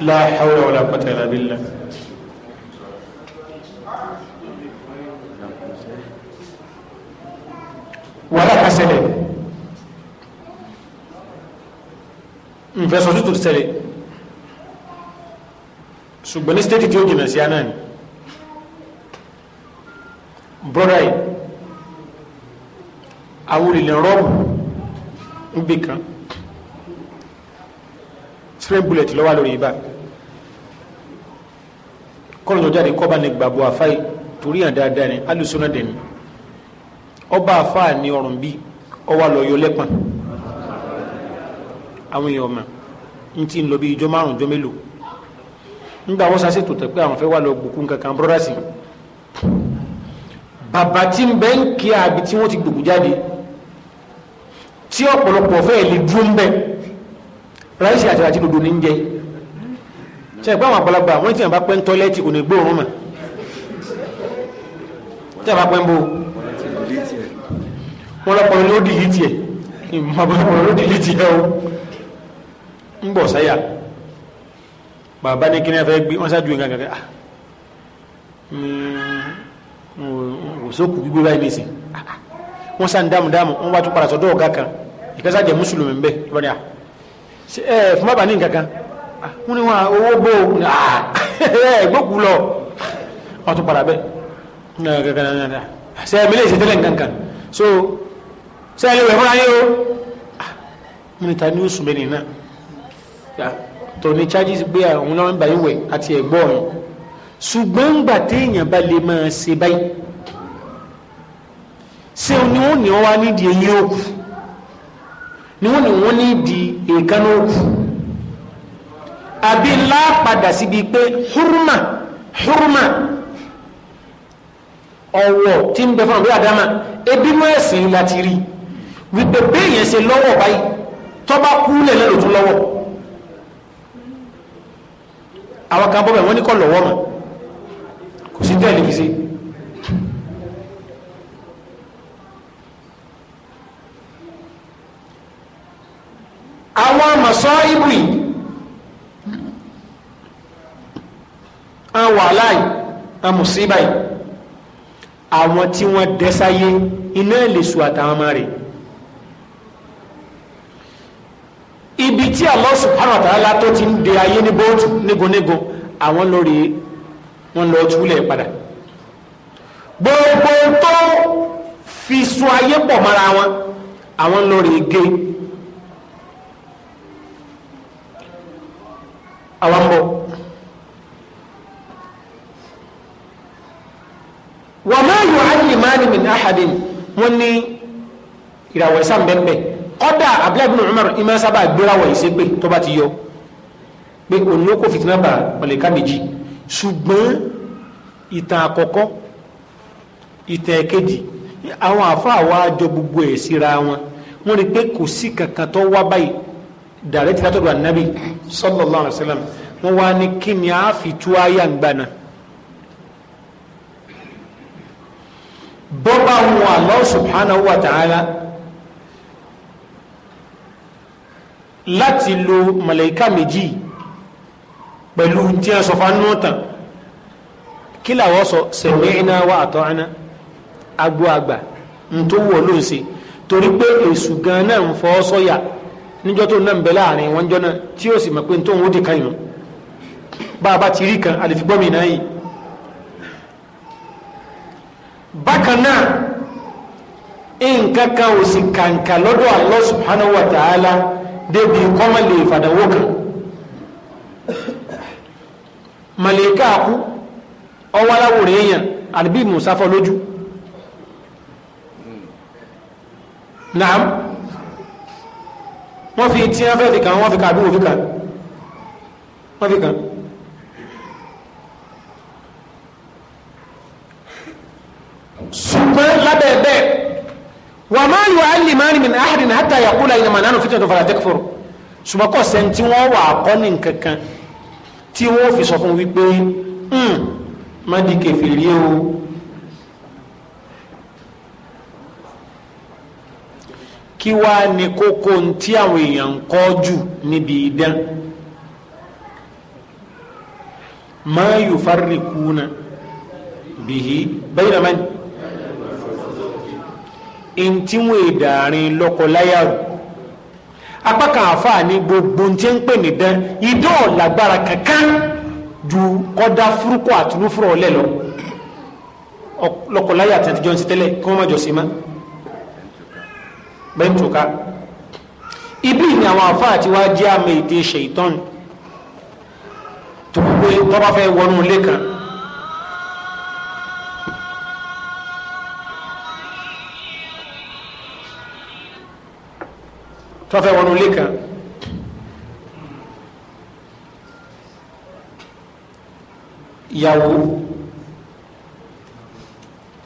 لا حول ولا قوة إلا بالله. ولا kan ṣẹlẹ̀ nfẹsọsọ tó ṣẹlẹ̀ ṣùgbọ́n ní stéètì tí ó jìnnà sí anáà ni brọ́dà yìí àwọn olè spray bullet lọ́wọ́ lórí ibà kọ́lọ̀jọ́ jáde kọ́ba ní gbàgbọ́ àfáì torí hàn dáadáa ni alùsùnà dẹ̀ni ọba àfáà ní ọrùn bí ọwà lọ yọ lẹ́pọ̀n àwọn èèyàn ọmọ n ti ń lọ bí ijọ́ márùn-ún jọ mélòó nígbà wọ́n sase tòtò pé àwọn fẹ́ wà lọ gbòkú kankan brọ́dá sí bàbá tí ń bẹ́ ń kí àbí tí wọ́n ti gbòkú jáde tí ọ̀pọ̀lọpọ̀ fẹ́ẹ̀ lè dúró ń bẹ́ẹ̀ ráìsì àti àti dòdò ní ń jẹ ṣe ìpá àwọn àgbàlagbà wọ́n ti àbá pẹ́ ń tọ́lẹ́tì kò ní gbóòórùn mọ̀ tí àbá pẹ́ ń bo wọ́n lọ́pọ̀ ló dì yìí tiẹ̀ ìmọ̀bọ̀lọpọ̀ ló dì yìí tiẹ̀ o ń bọ̀ sáyà bàbá ní kíní afẹ́ gbé wọ́n ṣáájú nǹkan kankan ah òsókù gbígbé báyìí nìsín ah, ah, wọ́n sá ń dáàmú dáàmú wọ́n bá tún padà sọ́dọ̀ ọ̀gá kan ìkẹ́sàjẹ́ mùsùlùmí ń lọ́nìyà ẹ fún bàbá ní nǹkankan wọ́n ah, ní wọn owó gbó òun ah, *laughs* ní ẹ gbókù lọ wọ́n tún padà bẹ́ẹ̀ ah, ṣe ẹ̀mí lè ṣe tẹ́lẹ̀ nǹkankan so ṣe ẹ̀lẹ́wẹ̀ fúnra yé o mo ní ta ní oṣù mẹ́rin náà tó ní charges gbé àwọn ọmọ ìgbà yìí wẹ̀ àti ẹ̀gbọ́ ọ̀run ṣùgbọ́n ń gbà téèyàn bá lè máa ṣe báyìí ṣé ni wọ́n ní wọ́n wá nídìí eyín òkú ni wọ́n ni wọ́n ní di èékánná òkú àbí ńlá padà síbi pé huruma huruma ọ̀wọ̀ tí ń bẹ fún ọ̀bí àdámà ebi mọ́ ẹ̀sìn láti rí wípé béèyàn ṣe lọ́wọ́ báyìí tọ́ba kúlẹ̀ lẹ́nu tún lọ́wọ́ àwọn kan bọ́ bẹ̀ wọ́n ní kọ́ lọ́wọ́ mọ́ kò sí tẹ́lifíṣẹ́ àwọn àmọ̀sọ́ ibù yìí àwọn aláì àmùsíbà yìí àwọn tí wọ́n dẹ́sáyé iná lè sùn àtàwọn ọmọ rẹ̀ ibi tí Allah subhanahu wa ta'ala tó ti ń de ayé ní bóòtù nígunnígun àwọn lórí wọn lọ túlẹ̀ padà gbogbo tó fi sun ayé pọ̀ mọ́ra wọn àwọn lórí gé àwọn bọ̀ wà máa yọ alìmáàni min ahadin wọ́n ní ìràwọ̀ ìsàn bẹ́ẹ̀ kọ́dà Abdullahi ibn Umar ìmọ̀ sábà gbérawọ̀ ìṣe pé tó bá ti yọ pé òun ló kó fìtínà bá ọ̀lẹ́ká méjì ṣùgbọ́n ìtàn àkọ́kọ́ ìtàn ẹ̀kejì àwọn àfáà wa jọ gbogbo ẹ̀ síra wọn wọ́n rí pé kò sí kankan tó wá báyìí dàrẹ́tì látọ̀dọ̀ ànábì sallallahu alaihi wasallam wọ́n wá ní kí ni a fi tú ayé àgbàna bọ́bá wọn subhanahu wa ta'ala láti lo méjì pẹ̀lú tí a sọ fánú tàn kí làwọ́ sọ sami'na wa ata'na agbó àgbà ń tó wọ̀ lóun torí pé gan náà níjọ́ tó náà ń bẹ láàrin wọn jọ náà tí ó sì mọ̀ pé tó ń wódì kan yìí bá a bá ti rí kan àlèfi gbọ́mì yìí bákan náà nǹkan kan ò sì kàǹkà lọ́dọ̀ Allah subhanahu wa ta'ala débi kọ́mọ lè fàdánwó kan màlẹ́kà kú ọwọ́ aláwòrán èèyàn àdìbí mùsáfọ́ lójú naam wọ́n fi tí wọ́n fẹ́ fi kàn wọ́n fi kàn àbí wọ́n fi kàn wọ́n fi kàn. ṣùgbọ́n lábẹ́ bẹ́ẹ̀ wà máa yọ alìmọ́rin mi náà àdìní àtà yàkúlà yìí màá nánú fìtẹ̀ tó fara jẹ́kọ̀fọ̀rọ̀ ṣùgbọ́n kọ́ sẹ́ni tí wọ́n wà kọ́ ní kankan tí wọ́n fi sọ fún wípé hmm, má di o. kí wàá ní kókó ntí àwọn èèyàn ń kọ́ jù níbi idán máa yù fárẹ̀ kúnà bìhí bẹ́ẹ̀ náà mẹ́ni ntí wọn èdàrin lọ́kọláyà rò apá kan àfààní gbogbo ntí ń pè ní dán idán ọ̀làgbára kankan ju kọ́dá fúrúkọ àtúrúfúrọ̀ ọ̀lẹ́ lọ lọ́kọláyà àti àtijọ́ ń ṣe kí wọ́n má jọ sí máa bẹ́ntùká ibi ni àwọn àfáà àti wá jẹ́ àmì èdè ṣèitán tó gbogbo tọ́ba fẹ́ wọnú ilé kan tọ́ba fẹ́ wọnú ilé kan ìyàwó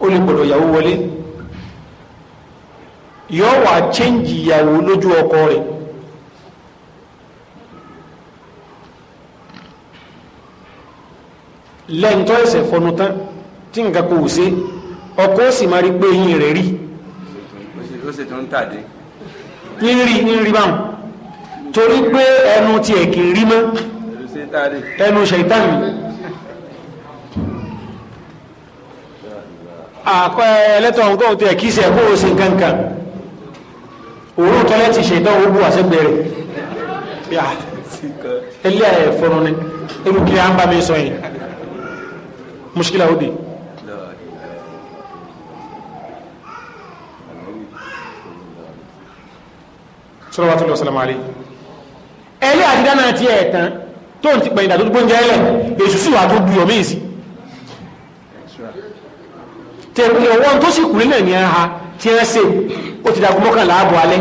ó lè gbọ́dọ̀ ìyàwó wọlé yóò wá chẹ́ǹjì ìyàwó lójú ọkọ rẹ̀ lẹ́ntọ́ ẹ̀sẹ̀ fọnu tán tí nǹkan kò ṣe ọkọ sì máa rí pé eyín rẹ̀ rí ní rí ní rí báwọn torí pé ẹnu ti ẹ̀ kì í rí mọ́ ẹnu ṣẹ̀tánì àkọ́ ẹlẹ́tọ̀ nǹkan ò tẹ̀ ṣe kankan òórùn tọ́lẹ̀ ti ṣètọ́ owó àṣẹgbẹ̀ rẹ̀ ilé ẹ̀ fọ́nù ni irú kí á ń bá mi sọ yìí muskila ó dé. sọlọ́wọ́tò lọ sọlọ́mọ àlẹ́ ẹ̀lẹ́ àdídá náà ti ẹ̀ tán tó ń ti pẹ̀yìndà tó gbóúnjẹ ẹlẹ̀ èṣù sì wà tó bu ọmọ èsì tẹ̀kùn ọwọ́ tó sì kùrí náà ní ẹ̀ha tí ẹ̀ ṣe ó ti dàgbọ́ mọ́kànlá ààbò alẹ́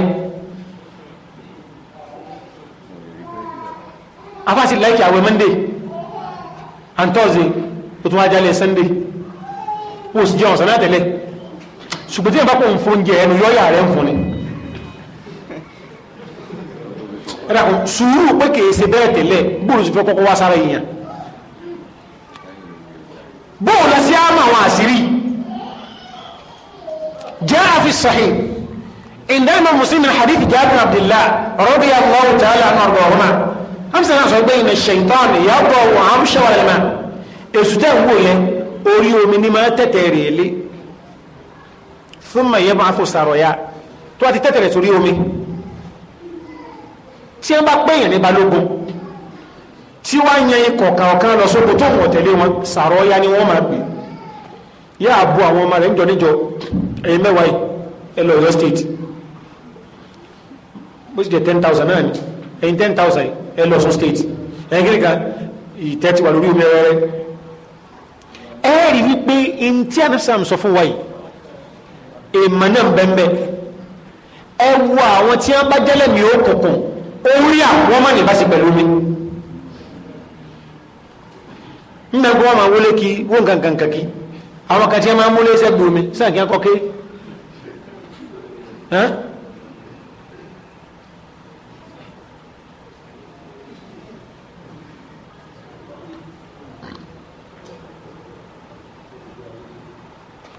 afáàsì láìkì àwẹ̀ monday and thursday ó tún wá jálẹ̀ sunday ó sì jẹ́ ọ̀sán náà tẹ́lẹ̀ ṣùgbọ́n tí wọ́n bá kó ń fóúnjẹ ẹnu yọ́yà rẹ̀ ń fún ni ẹ̀dàkùn sùúrù pé kìí ṣe bẹ́ẹ̀ tẹ́lẹ̀ bóòlù sì fẹ́ kọ́kọ́ wá sára èèyàn bóòlù sí àmà àwọn àṣírí jẹ́ àfi sahih ìdáìmọ̀ muslim ní hadith jábìrì abdullah radiyallahu ta'ala anhu ọgbọ̀ọ́mà hamsa náà sọ pé ìnà ṣèǹtọ́ọ̀nì yàgbọ̀ wọn àmúṣẹ́wà lẹ́mà èsù tẹ́ ń wò yẹn orí omi ní máa tẹ̀tẹ̀ rè lé thumma yab'athu sàrọ̀yà tó a ti tẹ̀tẹ̀ rẹ̀ sórí omi tí wọ́n bá pèèyàn ní balógun tí wọ́n á yan ikọ̀ kọ̀ọ̀kan lọ sóko tó wọ̀ tẹ̀lé wọn sàrọ̀yà ni wọ́n máa gbé yáà bu àwọn ọmọ rẹ̀ níjọ níjọ ẹ̀yìn mẹ́wàá yìí ẹ lọ Ọ̀yọ́ state bó ti jẹ́ ten thousand náà ni ẹ̀yin ten thousand ẹ lọ sọ state ẹ̀yin kiri kan ìtẹ́tí wà lórí omi ẹ̀rẹ́ ẹ rí wípé ntí anabisam sọ fún wa yìí èèmọ̀ náà bẹ́ẹ̀ ẹ wo àwọn tí wọ́n bá jẹ́lẹ̀ mi ó kọ̀kọ̀ orí àwọn ọmọ nìbá sí pẹ̀lú mi mbẹ kó wọn máa wọlé kí wọn kankan kàkí àwọn kan tí máa múlé ẹsẹ̀ gbòmí sáà kí wọ́n kọ́ ké.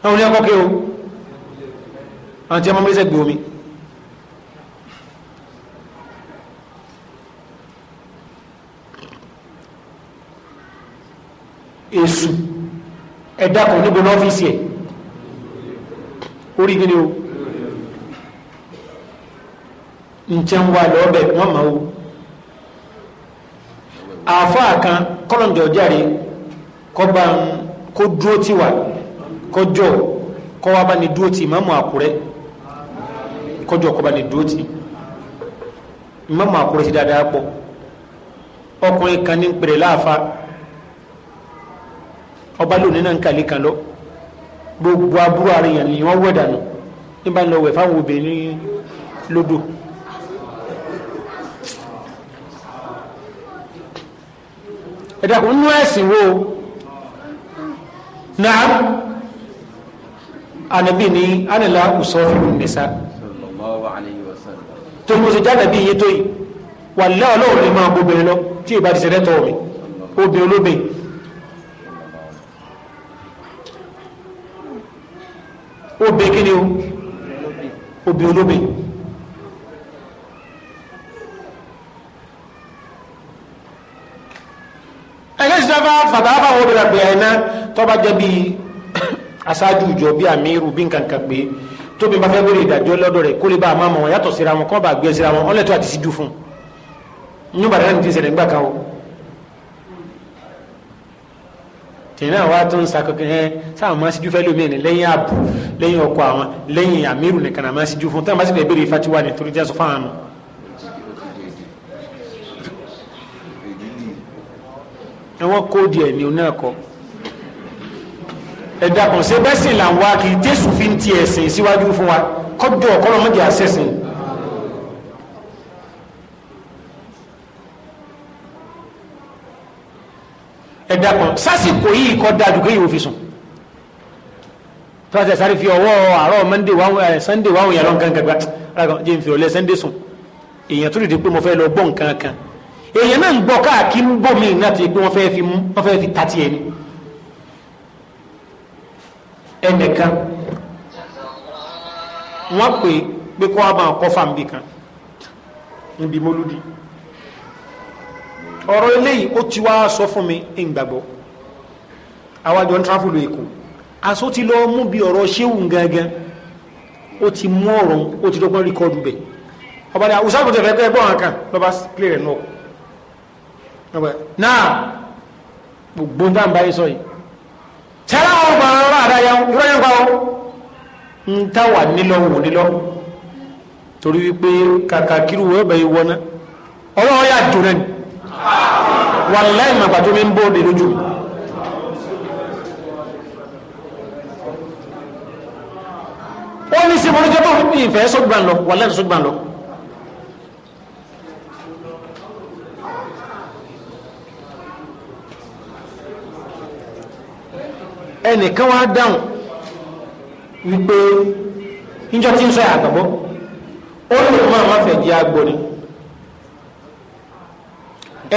àwọn ní ọkọ̀ o àwọn tí a máa mẹ́lẹ́sẹ̀ gbé omi èsù ẹ̀dá kan níbo ní ọ́fíìsì ẹ̀ orí gíní o ǹjẹ́ ń wà lọ́ọ́bẹ̀ wọ́n máa o àáfàá kan kọ́lọ̀njọ́ jáde kọ́ bá ń kó dúró tí wà kọjọ kọwa bá ní dúró ti ìmáàmù àkúrẹ́ kọjọ kọwa bá ní dúró ti ìmáàmù àkúrẹ́ ti dáadáa pọ̀ ọkùnrin kan ní pèrè láàfa ọba lónìí náà ń kàlí kan lọ gbogbo aburú àríyàn ni wọ́n wẹ̀ dànù nígbà ńlọ wẹ̀ fáwọn obìnrin lódò. ẹ̀dàkùn nú ẹ̀sìn wo náà anabi ni anila usọ́fún nisa tó mo sì jáde bí iye tó yìí wà lẹ́ ọlọ́run lè máa bóbìnrin lọ tí ìbá ti sẹ́dẹ́tọ̀ mi obìnrin olóbìn obìnrin kí ni o obìnrin olóbìn ẹgbẹ́ ìsìnkú fàtàkì obìnrin àgbẹ̀ náà tọ́ba bíi aṣáájú ìjọ bi amiru bí nkankan pé tóbi bá fẹ́ bèrè ìdájọ́ lọ́dọ̀ rẹ̀ kó lè bá a máa mọ̀ wọn yàtọ̀ síra wọn kọ́ bá gbé síra wọn ọlẹ́tọ̀ àti síjú fún un ní bàtà ní ti ṣẹlẹ̀ nígbà kan o. tẹ̀yìn náà wá tó ń sakọ̀kẹ́ ẹ sáà máa síjú fẹ́ lómi ẹ̀ lẹ́yìn ààbò lẹ́yìn ọkọ̀ àwọn lẹ́yìn amíru nìkan náà máa síjú fún un bá sì fẹ́ bèrè ìfatiwa ní torí jẹ́ fáwọn ẹ wọ́n kó díẹ̀ ní oní ẹ̀kọ́ ẹ̀dá kan ṣe bẹ́ẹ̀ sì là ń wá kí jésù fi ń ti ẹ̀sìn síwájú fún wa kọjọ ọ̀kọ́lọ́ mọ́jà sẹ́sìn ẹ̀dá kan sásìkò yìí kọ́ dájú kéyìí òfin sùn tó a ti sáré fi ọwọ́ àárọ̀ monday wáhùn ẹ̀ sunday wáhùn yàrá nǹkan kan gba jẹ́ n fi ọ̀lẹ́ sunday sùn èèyàn tó lè di pé mo fẹ́ lọ bọ́ nǹkan kan èèyàn náà ń gbọ́ káàkiri ń bọ̀ mí láti pé wọ́n fẹ́ fi tati ẹni. Eneka wọ́n pè pé kó a máa kọ́ fàmì kan níbi eléyìí ó ti wá sọ fún mi ń èkó aṣọ ti lọ mú bi ọ̀rọ̀ ṣéwù gangan ó ti mú ọ̀rọ̀ ó ti dọ́gbọ́n rìkọ́dù bẹ̀ ọba ní àwùsá ìbùdó ẹ̀fẹ́ ẹgbọ́n àwọn kan tẹ́lá àwọn ọgbà ọ̀rọ̀ àdáyà ìrọ̀yẹ́ ń nílọ wò nílọ torí wípé kàkà kiri wo ẹbẹ̀ ìwọ ná ọlọ́wọ́ yà jò ni wà láì mi ń ẹnìkan wá dáhùn wípé níjọ́ tí ń sọ àgbàgbọ́ ó lè máa máa fẹ̀ jẹ́ agbọ́ ni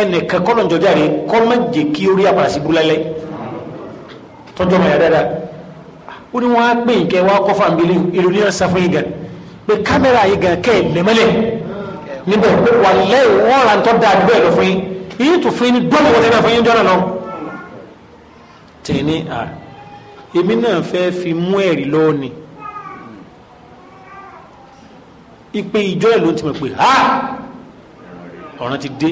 ẹnìkan kọ́lọ̀ jọjá rẹ̀ kọ́ má jẹ́ kí orí àpàrà sí búlẹ́lẹ́ tọ́jọ́ mọ̀ yà dáadáa ó ní wọ́n á pè ń kẹ́ wọ́n á kọ́ fàmílì ìròyìn náà sáfún yìí gan pé kámẹ́rà yìí gan kẹ́ ẹ̀ lẹ́mẹ́lẹ́ níbẹ̀ pé wà lẹ́yìn wọ́n ra ń tọ́ da àdúgbò ẹ̀ lọ fún yín yìí tó fún yín ní dọ́mọ̀ wọlé náà fún yín jọ́nà náà tẹ̀ ní ààrẹ èmi náà fẹ́ fi mú ẹ̀rí lọ́wọ́ ni ipe ìjọ ẹ̀ ló ti mọ̀ pé ha ọ̀ràn ti dé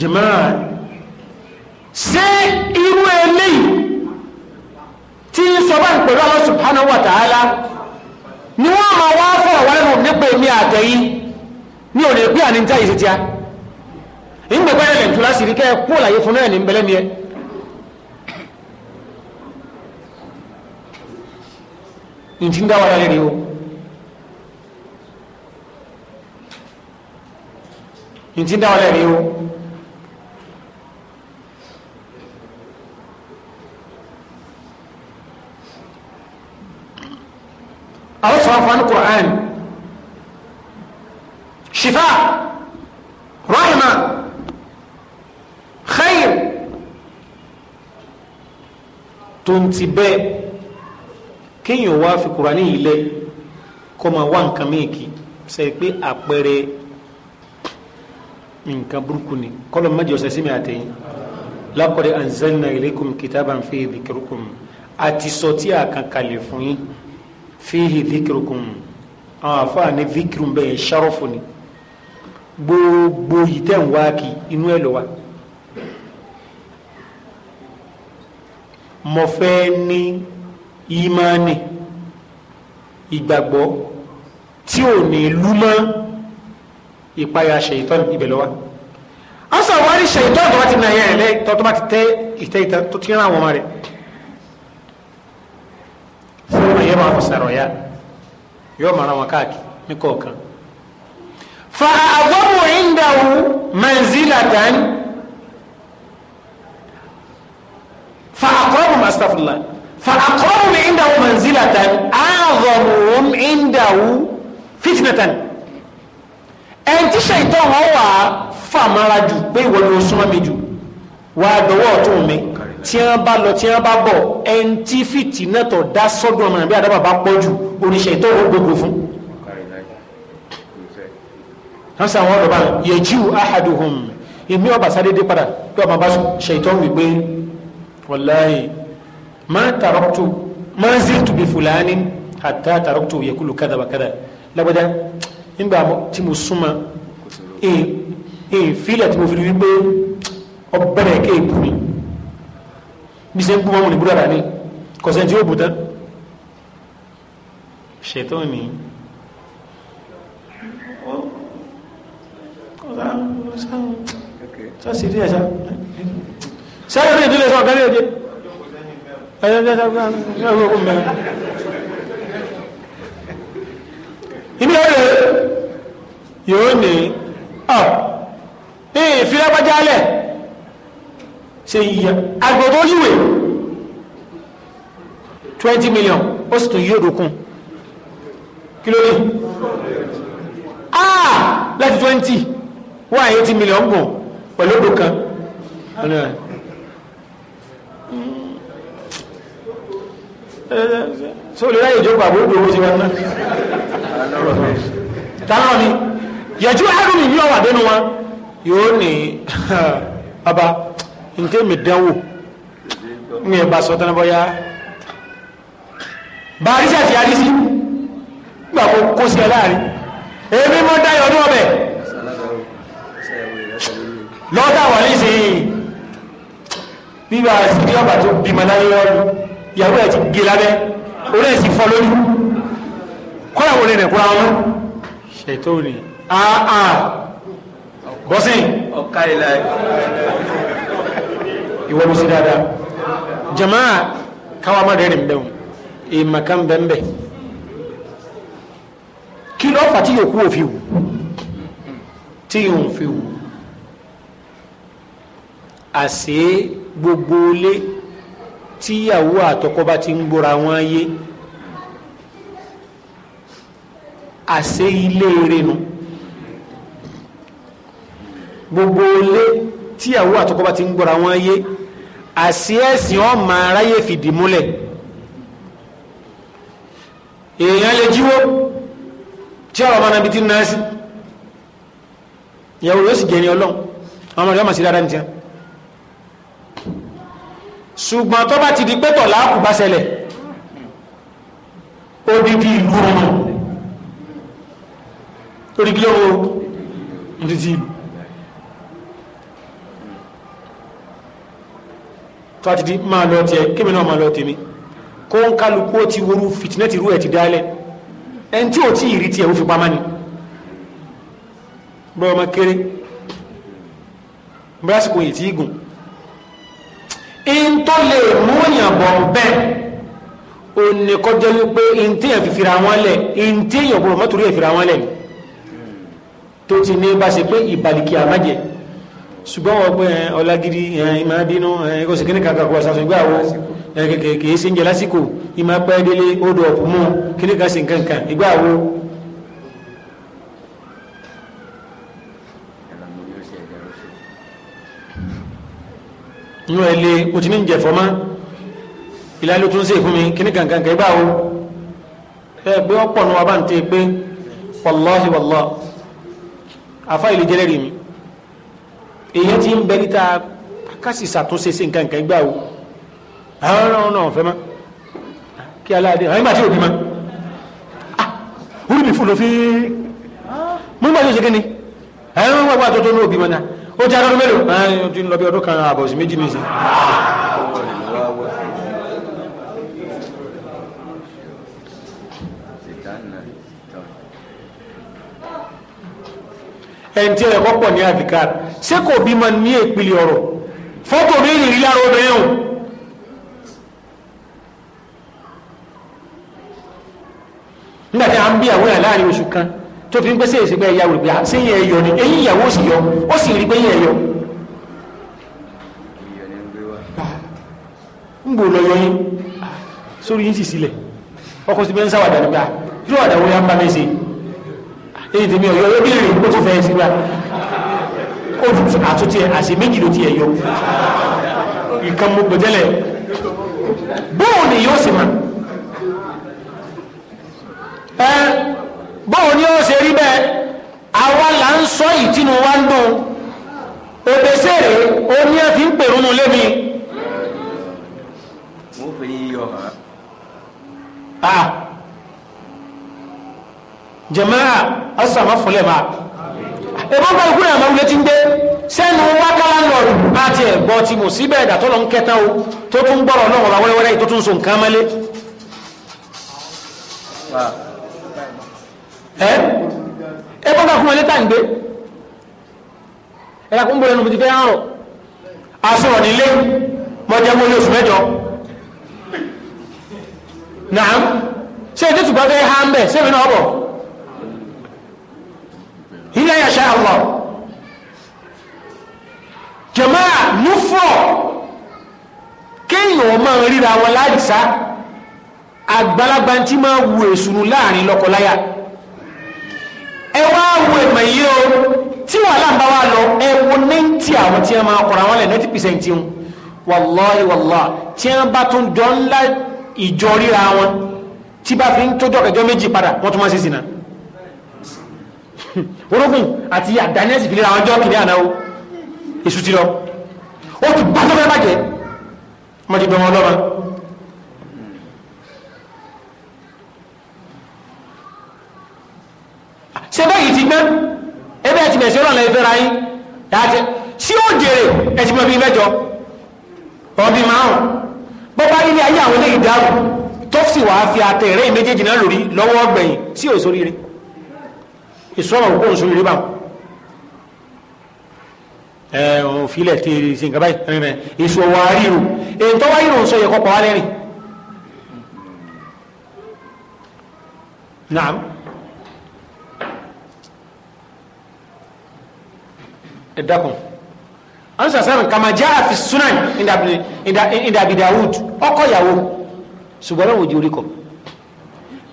jẹ̀mọ́ra ṣé irú eléyìí tí ń sọ báyìí pẹ̀lú Allah subhanahu wa ta'ala ni wọ́n máa wá fọ̀rọ̀ wá lẹ́nu nípa èmi àtẹ̀yìn ní òní pé àní tá ìṣe tíá ìgbẹ̀gbẹ̀ rẹ̀ lẹ́ntù láti rí kẹ́ kú òlàyé fún náà ní bẹ̀lẹ́ ni ẹ ìtì ń dá wàhálà rẹ̀ o ìtì ń dá wàhálà rẹ̀ o àwọn sọ̀rọ̀ fún Al-Qur'an شفاء رحمة خير tonti bẹ́ẹ̀ kéèyàn wá fi Kùránì ilẹ̀ kó máa wá nǹkan méèkì sẹ́ pé àpẹẹrẹ nǹkan burúkú ni kọ́lọ̀ mẹ́jọ sẹ́ sí mi àtẹ̀yìn laqad anzalna ilaykum kitaban fihi dhikrukum àti sọ tí fún yín fihi dhikrukum àwọn àfáà ní dhikru bẹ́ẹ̀ ṣàròfò ni gbogbo ìtẹ̀ ń wá kí inú ẹ̀ lọ́wọ́ mo fẹ́ ní ìmánì ìgbàgbọ́ tí ò ní lúmọ́ ìpayà ṣèyítọ́nù ibẹ̀ lọ́wọ́ ọ̀sán wárí ṣèyítọ́nù tó bá ti nà yẹn lẹ́ tó bá ti tẹ́ ìtẹ́ ìtẹ́ tó ti rán àwọn ọmọ rẹ̀ fún ọ̀yẹ́ máa fọ̀sàrọ̀ ya yóò máa ra wọn káàkiri ní kọ̀ọ̀kan. فأعظم عنده منزلة فأقربهم أستغفر الله فأقربهم عنده منزلة أعظمهم عنده فتنة ẹn tí ṣètò wọn wà fàmàrà jù pé ìwọ ni o súnmọ́ mi jù wà á dọwọ́ ọ̀tún mi tí wọ́n bá lọ tí wọ́n bá bọ̀ ẹn tí fìtínà tó dá sọ́dún ọmọ nàbí àdábàbà pọ̀ jù oníṣẹ́ ìtọ́ ògbógbò fún un wọ́n sọ àwọn ọ̀dọ̀bá yẹjú ahaduhum ìmí ọba sádédé padà tó ọmọ bá ṣètò wípé wàláyé má tàrọ́tù má zìtù bí fúlàní àtà tàrọ́tù yẹkulu kádàbàkádà lágbàdá nígbà tí mo súnmọ́ ìfilẹ̀ tí mo fi wípé ọbẹ̀rẹ̀ kéèkù ni bí sẹ́ ń bú mọ́mọ́ ní búrọ̀dá ni kọ̀sẹ̀ tí ó bù tán ṣètò nìyí. sọ́sì díẹ̀ sá sẹ́yìn ní ìdílé sọ́ọ̀kan ní èdè ìbí ọ̀rẹ́ yóò ní ọ̀ ní ìfilẹ́gbẹ́jálẹ̀ ṣe yíya agbòtó yíwèé 20 million ó sì tún yí òdòkun kí ló ní ah láti 20 wọ́n àyè ti mílíọ̀n gùn pẹ̀lú odò kan so lè ráyè ìjọba àbúrò owó ti wọn náà tánà ni yẹjú ẹrùmí ní ọwà dénú wọn yóò ní ọba *laughs* ntẹ́mi dánwò ní ẹ̀bá sọ́tánà bọ́yá bá rí sẹ́ẹ̀tì arísí gbàgbó kó sí ẹ láàrin èmi mọ́ dáyọ̀ ní ọbẹ̀ lọ́dà wà ní ìsìn bíbá sí ọba tó bímọ láyé ọdún ìyàwó ẹ̀ ti gé lábẹ́ orí ẹ̀ sì fọ́ lórí kọ́lá wo ni rẹ̀ kúra wọn. ṣètò ni. àà bọ́sìn. ọ̀ka ìlà ìwọ ló sí dáadáa Jama, káwa má rẹ́rìn bẹ́ẹ̀ èèmọ̀ kan bẹ́ẹ̀ bẹ́ẹ̀ kí ló fà tí yòókù òfin wù tí yòókù òfin wù àṣé gbogbo ilé tíyàwó àtọkọ bá ti ń gbọ́ra wọn yé àṣé ilé rinu gbogbo ilé tíyàwó àtọkọ bá ti ń gbọ́ra wọn yé àṣé ẹ̀sìn ọmọ aráyé fìdí múlẹ̀ èèyàn lè jíwó tí ọ̀rọ̀ ọmọdé ti ń náà sí ìyàwó yóò sì jẹ́ ní ọlọ́run ọmọdé ọmọ sí dáadáa nìkan ṣùgbọ́n tó bá ti di pẹ́tọ̀ láàkù bá ṣẹlẹ̀ ó di di ìlú ọmọ lórí kí lóòrò ní ti ìlú tó a ti di máa lọ tiẹ̀ kémi náà máa lọ tèmi kó ń kálukú ó ti worú fìtínẹ́tì rú ẹ̀ ti dálẹ̀ ẹni tí ò tí ì rí tiẹ̀ ó fi pamá ni bọ́ ọmọ kéré bí lásìkò yìí tí gùn in tó lè mú èèyàn bọ̀ bẹ́ẹ̀ ò ní kọjá wípé in tí èèyàn fi fira wọn lẹ̀ in tí èèyàn gbọdọ̀ mọ́tò rí èèyàn fira wọn lẹ̀ tó ti ní bá ṣe pé ìbàlìkì àmájẹ ṣùgbọ́n wọ́n pé ọlágídí ìmọ̀ bínú ẹ̀kọ́ sì ń jẹ lásìkò ìmọ̀ pẹ́ẹ́délé ó dọ̀ ọ̀pọ̀ mú kíní kan nǹkan kan inú ẹ lé o ti ní jẹ fọmọ ìlà ló tún ṣe fún mi kíní kankan kẹ báwo ẹ gbé ọ̀pọ̀ nu wa bá ń tẹ pé wàláhi wàlá àfa ìlú jẹlẹrì mi èyí ti ń bẹ níta kásì ṣàtúnṣe sí nǹkan kan gbáwo àwọn ọ̀rọ̀ náà fẹ́ mọ́ kí aláàdé àwọn ìgbà tí òbí mọ́ ah, orí mi fún ló fi mú bá tó ṣe kí ni àwọn ọmọ ìgbà tó tó ní òbí mọ́ náà ó ti adọ́dún mélòó ẹ̀yìn ojú lọ bí ọdún kan àbọ̀sí méjì méjì ẹni tí ẹ̀kọ́ pọ̀ ní àfikà ṣé kò bí ma ní ìpìlẹ̀ ọ̀rọ̀ fọ́tò mi rí lára obìnrin o nígbàtí a ń bí àwọn ẹ̀ láàrin oṣù kan tó fi ń pèsè ìsìnkú ẹ̀yà rẹ̀ pé sẹ́yìn ah, ẹ̀yọ ni èyí ìyàwó sì yọ ó sì rí pé yẹn ẹ̀yọ. Ah, ń bò lọ yọyín ah, sórí yín sì sílẹ̀ ọkọ̀ sí bẹ́ẹ̀ ń sáwàdà nípa yóò àdàwọ̀ yá ń bá mi ṣe èyí tèmi ọ̀yọ́ yóò bí rìn kó tó fẹ́ sí wa ó ti àtúntì ẹ̀ àṣẹ méjì ló ti ẹ̀yọ ìkan mo gbẹ̀jẹ̀lẹ̀ bóun ni yóò sì máa bóun ni ó ṣe rí bẹ́ẹ̀ àwa là ń sọ ìtinú wa ń dùn òbèsèrè oní ẹ fi ń pèrún un lémi. mo fẹ́ yín yọ hàn. ah jẹ̀mẹ́rà ọ̀sán máa fúnlẹ̀ máa ẹ̀bọ́n bá ikú ìrànlọ́wọ́ létí ń dé sẹ́nu wákàlá lọ́rù bá ti ẹ̀ ti mò síbẹ̀ ìdàtọ́ lọ ń kẹta o tó tún gbọ́rọ̀ náà wọ́n wẹ́rẹ́wẹ́rẹ́ tó tún so nǹkan mẹ́lẹ́ ẹ́ ẹ bọ́dà fún ẹlẹ́ta ń gbé ẹ̀rà kún bọ́lẹ̀ nùbùtí fẹ́ àrùn asọ̀rọ̀ nílé mọ́jẹ́ mọ́lẹ̀ oṣù mẹ́jọ náà ṣe ètò tùgbà fẹ́ ha ń bẹ̀ ṣé mi náà bọ̀ ilé ayà ṣe àwọn jẹ̀máà núfọ̀ kéèyàn ọmọ ríra wọn láàrísá àgbàlagbà tí máa wù èsùn láàrin lọ́kọláya ẹ wá wo ìmọ̀ yìí o tí wàhálà ń wa lọ ẹ wo ninety àwọn tí wọ́n máa kọ̀ra wọn lẹ̀ ninety percent wọn wàláhì wàláhì tí wọ́n bá tún jọ ńlá ìjọ ríra wọn tí bá fi ń tó jọ̀kẹ́jọ́ méjì padà wọ́n tún máa ṣe sí náà orógùn àti àdánẹ́sì fi lera àwọn ọjọ́ kìnìún àná o èṣù ti lọ ó ti bá tó fẹ́ bàjẹ́ ọmọdé bẹ̀rẹ̀ ọlọ́run ṣe báyìí ti gbẹ́ ebe ẹ̀tì mẹ̀sí ọlọ́run ẹ̀fẹ́ ra yín láti tí ó jèrè ẹ̀tì mọ̀ bí mẹ́jọ ọdún márùn bó bá nílé ayé àwọn eléyìí dárò tó sì wàá fi àtẹ ìrẹ́ méjèèjì náà lórí lọ́wọ́ ọgbẹ̀yìn sí òṣòríire ìṣọ́rọ̀ òkú òṣòríire bá ẹ òfilẹ̀ tí ṣe nǹkan báyìí èso wa ríru èyí tó wáyé ìrùn sọ yẹ kọ́ pọ̀ wá lẹ́rìn ẹ̀dàkùn ansa sáàrùn kama jẹ́ àfi sunan ìdàbí Dawud ọkọ ìyàwó ṣùgbọ́n òjì orí kọ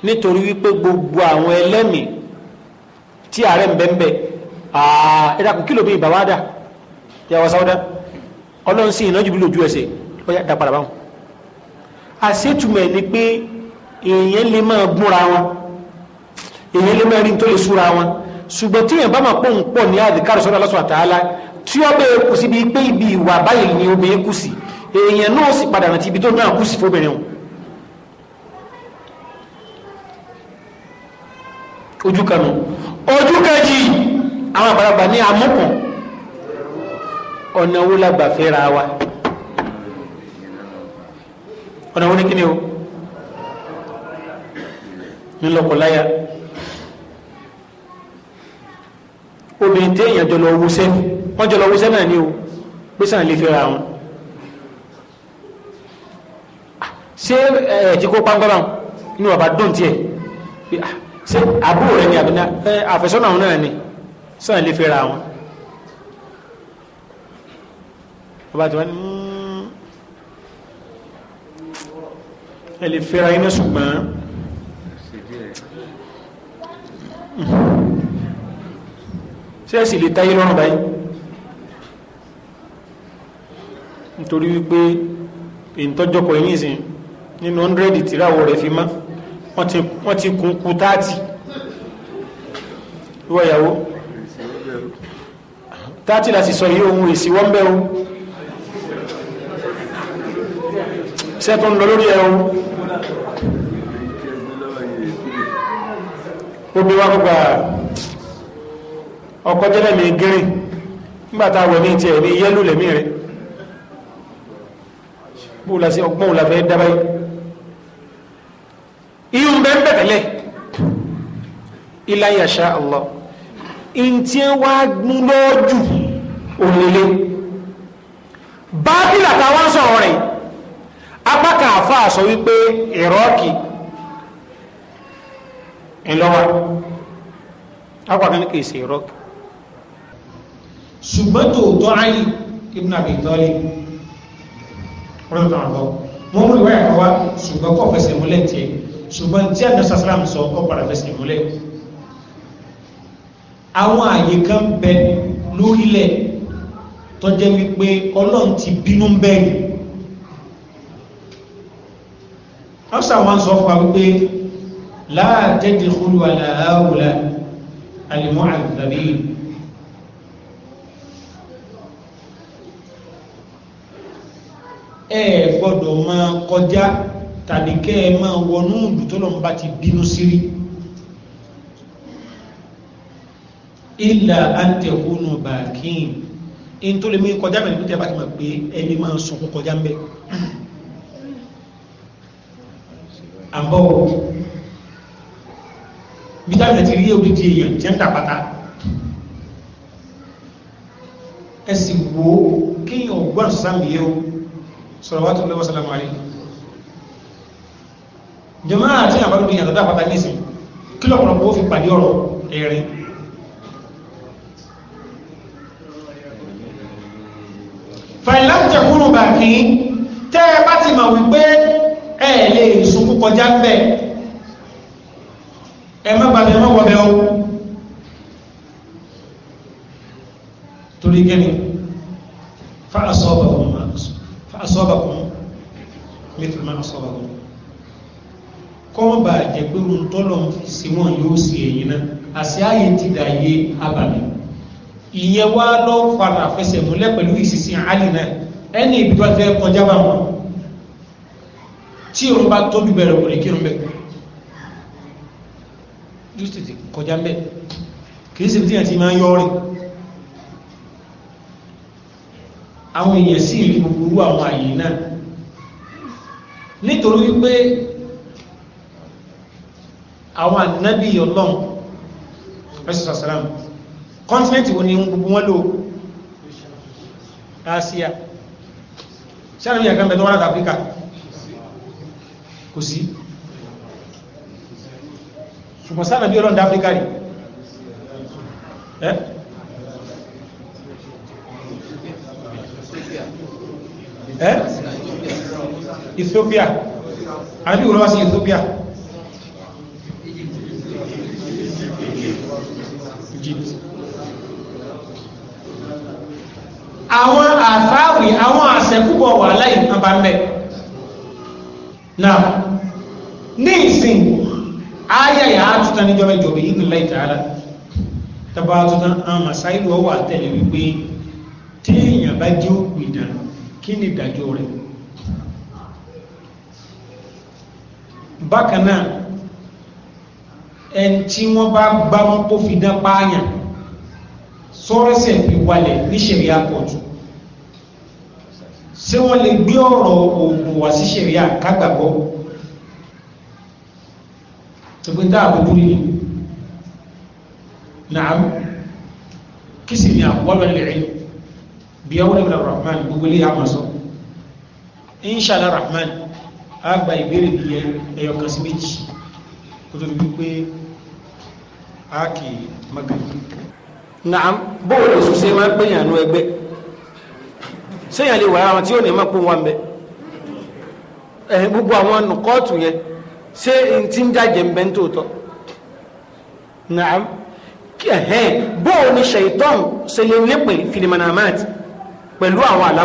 nítorí wípé gbogbo àwọn ẹlẹ́mì tí ààrẹ ń bẹ́ńbẹ́ ẹ̀dàkùn kí ló bí ìbá wá dà yàwó sáwọ́dá ọlọ́run sí ìnájú bí lójú ẹsẹ̀ ó lè máa gúnra wọn èèyàn lè máa rí tó lè súra wọn ṣùgbọ́n tí yẹn bá máa pọ̀ ń pọ̀ ní àdìkárò sọ́dọ̀ Allah subhanahu wa ta'ala tí ó bẹ́ẹ̀ kù síbi pé ibi ìwà báyìí ni obìnrin kù sí èèyàn náà sì padà rántí ibi tó náà kù sí fóbìnrin wọn. ojú kanu ojú kejì àwọn àgbàlagbà ní amúkùn ọ̀nà wo la gbà fẹ́ra wa ọ̀nà wo ni kí o ní lọ́kọ̀ọ́láyà. obìnrin tí èèyàn jọ lọ wúṣẹ́ wọ́n jọ lọ wúṣẹ́ náà ni o pé sàn lè fẹ́ra wọn ṣé ẹ̀ ti kó pàǹpẹ́ báwọn inú ọba dùn tiẹ̀ ah, ṣé àbúrò rẹ ni àbíná àfẹ́sọ́nà àwọn náà ni sàn lè fẹ́ra wọn ọba tí wọ́n ní hmm, ẹ lè fẹ́ra yín ṣùgbọ́n. ṣé sì lè táyé lọ́rùn báyìí nítorí wípé ìtọ́jọpọ̀ yìí sìn nínú hundred tìràwọ̀ rẹ̀ fi mọ́ wọ́n ti kún kú táàtì wíwọ́ ìyàwó táàtì láti sọ yìí ohun èsì wọ́n bẹ́ o wa gbogbo ààrùn ọkọ̀ jẹ́lẹ̀ mi gírin nígbàtà wẹ̀ ní tiẹ̀ ní yẹ́lú lẹ̀mí rẹ̀ sí ọgbọ́n bẹ́ Allah in wá lọ́jù bábílà táwọn rẹ̀ apákà sọ wípé ìlọ́wà apákà ní ṣùgbọ́n tòótọ́ Ali ibn Abi Talib rọ́dọ̀tàn àbọ̀ wọ́n mú ìwé ẹ̀kọ́ wa ṣùgbọ́n kọ́ fẹsẹ̀ múlẹ̀ tiẹ̀ ṣùgbọ́n tí àná sàsàlám sọ kọ́ padà fẹsẹ̀ múlẹ̀ àwọn àyè kan bẹ lórílẹ̀ tọ́jẹ́ wípé ọlọ́run ti bínú bẹ́ẹ̀ ọ́sà wọn sọ fún wa wípé láàjẹ́ dìkúlù àlàáwùlà àlìmọ́ àgbàbí ẹ gbọ́dọ̀ máa kọjá tàbí kẹ́ ẹ máa wọnú ìlú tó lọ́n bá ti bínú sírí ilà àǹtẹ̀kùnú bàkín in tó lè mú kọjá mẹ́rin nítorí àbákí máa pé ẹni máa ń sunkún kọjá ń bẹ́ àbọ̀ bí táwọn ti rí odidi èèyàn jẹ́ ń ẹ sì wo kéèyàn ọgbọ́n sàmìyẹ́ o sọ̀rọ̀wátò lọ́wọ́ sọ̀rọ̀mà rí jọmọ́ àti àbárúdé yàtọ̀ dáfàtà nísìn kí lọ́pọ̀lọpọ̀ ó fi pàdé ọ̀rọ̀ ẹ̀rin fàìlájẹ̀ kúrò bà kí tẹ́ ẹ bá ti mà wípé ẹ lè sunkú kọjá bẹ́ ẹ má gbàgbé mọ́wọ́ bẹ́ o torí kẹ́ni kẹfì máa sọ̀rọ̀ wọn kọ́mọ̀ bá jẹ́ pé wọn tọ́lọ̀ sí wọn yóò sí ẹ̀yìn náà àṣẹ ààyè ti dà yé abàmì ìyẹn wá lọ padà fẹsẹ̀ múlẹ̀ pẹ̀lú ìsinsin àlì náà ẹni ibi bá fẹ́ kọjá bá wọn tí òun bá tóbi bẹ̀rẹ̀ kò lè kírun bẹ́ẹ̀ yóò kọjá bẹ kìí sí tíyàn tí máa ń àwọn èèyàn sí ìlú gbogbo àwọn àyè náà nítorí wípé àwọn ànábì ọlọ́run ẹ̀sùn sàṣàlám kọ́ntínẹ̀tì wo ni gbogbo wọn lò Asia sára ní àgbẹ̀mẹ̀ tó wọ́n láti Áfíríkà kò sí ṣùgbọ́n sára bí ọlọ́ndà Áfíríkà rí ẹ́ ẹ́ Ethiopia àbí òun lọ́wọ́ sí Ethiopia Egypt àwọn àfáàwì àwọn àṣẹkúbọ̀ wà láì nàbà mẹ́ náà ní ìsìn ayẹyẹ àtúntà níjọba ìjọba yìí nílá ìtàlá tàbá àtúntà àwọn màsáìlú ọwọ́ àtẹ̀lẹ̀ wípé téèyàn bá jẹ́ òpìdàn kí ni ìdájọ́ rẹ̀ bákan náà ẹni tí wọ́n bá gbá wọn kó fi dán pààyàn sọ́rẹ́sẹ̀ fi wálẹ̀ ní ṣẹ̀ríà kọ̀tù ṣé wọ́n lè gbé ọ̀rọ̀ òògùn wá sí ṣẹ̀ríà kágbàgbọ́ tòpin tá àbúrú nìyí nàám kí sì ní lẹ́yìn bí ọwọ́ lẹ́gbẹ̀rẹ̀ rahman gbogbo ilé àmọ́sọ́ inṣàlá rahman agba gba ìbéèrè bí ẹyọ kan sí méjì kó tó dúdú pé a kì í magana. naam bóòlù èsùn ṣe máa ń pèyàn nú ẹgbẹ́ séèyàn lè wà àwọn tí ó ní máa pò wọn bẹ ẹ̀yìn gbogbo àwọn nùkọ́ọ̀tù yẹn ṣé n ti ń jàjẹ́ ń bẹ́ ń tòótọ́ naam ẹ̀hẹ́n bóòlù ni ṣèyítọ́n pẹ̀lú àwọn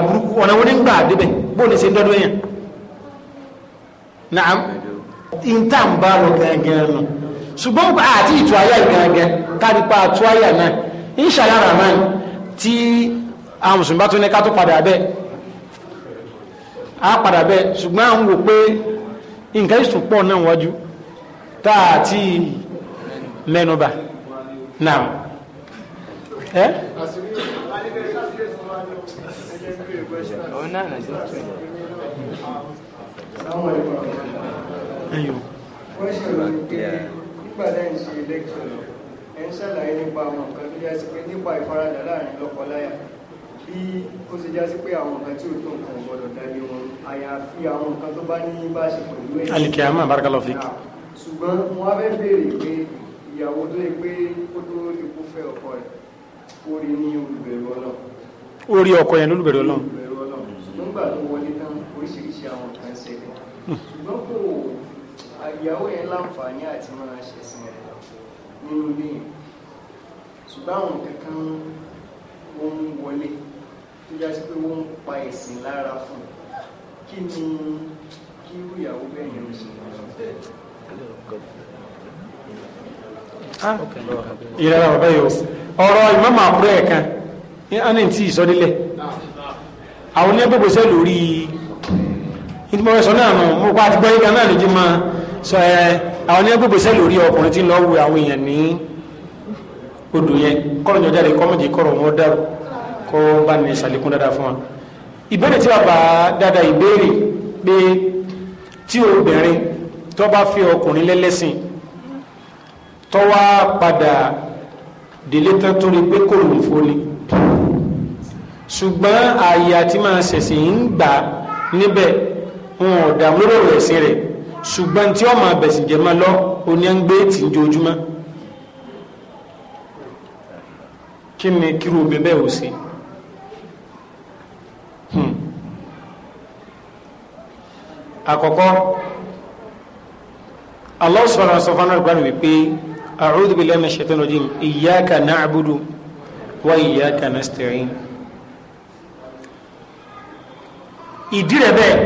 ọ̀nà wọn débẹ̀ ṣe yẹn. naam ìntà ń bá lọ gẹ́gẹ́ nù ṣùgbọ́n àti ìtù ayé gẹ́gẹ́ kárípa àtú ayé náà inshallah rahman tí àwọn mùsùlùmí bá tún ní ká tó padà bẹ́ẹ̀ á padà bẹ́ẹ̀ ṣùgbọ́n àwọn wò pé nǹkan ìsùn pọ̀ náà wájú tá a ti mẹ́nubà naam ẹ́ eh? Ayọ̀. Question ni pé nígbà náà ń ṣe lecture lọ, ẹ ń ṣàlàyé nípa àwọn nǹkan tó jásí pé nípa ìfaradà láàrin lọ́kọláya. Bí ó ṣe jásí pé àwọn nǹkan tí ò tó nǹkan gbọdọ̀ dálé wọn, àyàfi àwọn nǹkan tó bá ní bá ṣe pẹ̀lú ẹ̀. Alikiyama barakallahu fik. Ṣùgbọ́n mo wá fẹ́ béèrè pé ìyàwó tó yẹ pé kó tó ikú fẹ́ ọkọ rẹ̀, ó rí ní olùbẹ̀rù Ọlọ́run. Ó rí ọkọ yẹn lólùbẹ̀rù Ọlọ́run ṣùgbọ́n gbà tó wọlé tán oríṣiríṣi àwọn kan ṣẹlẹ̀ hmm. ṣùgbọ́n kò ìyàwó yẹn láǹfààní àti máa ṣẹ̀sìn rẹ̀ nínú ilé yẹn ṣùgbọ́n àwọn kankan ó ń wọlé tó já sí pé wọ́n ń pa ẹ̀sìn lára fún un kí ni kí irú ìyàwó bẹ́ẹ̀ yẹn ń ṣe ìrẹ́ra ọ̀bẹ́ yìí ọ̀rọ̀ ìmọ̀mọ̀ àkúrẹ́ ẹ̀kan ní àná tí ìsọdílẹ̀ ah àwọn oníyẹ́ pèpè sẹ́ lórí ìdí náà nù mo pa àti gbọ́ yíga náà lójú ma sọ ẹ àwọn oníyẹ́ pèpè sẹ́ lórí ọkùnrin tí ń lọ wu àwọn èèyàn ní odò yẹn kọ́rọ̀ ní ọjà rẹ̀ kọ́ méjì kọ́rọ̀ wọn dàrú kọ́ bá ní ìsàlékún dáadáa fún wa ìbéèrè tí bàbá dáadáa ìbéèrè pé tí obìnrin tó bá fi ọkùnrin lẹ́lẹ́sìn tó wá padà délé tán tó rí pé kò lòun fó ni ṣùgbọ́n ààyè àti máa ṣẹ̀ṣẹ̀ ń gbà níbẹ̀ wọn ò dààmú lórí ẹ̀sìn rẹ̀ ṣùgbọ́n tí ọmọ abẹ̀sìn jẹ́ máa lọ oní ń gbé tì ń jojúmọ́ kí ni kírú omi bẹ́ẹ̀ ò sí. Hmm. àkọ́kọ́ Allah subhanahu wa ta'ala gbani wípé a'udhu billahi minash shaitanir rajim iyyaka na'budu wa iyyaka nasta'in. ìdí rẹ̀ bẹ́ẹ̀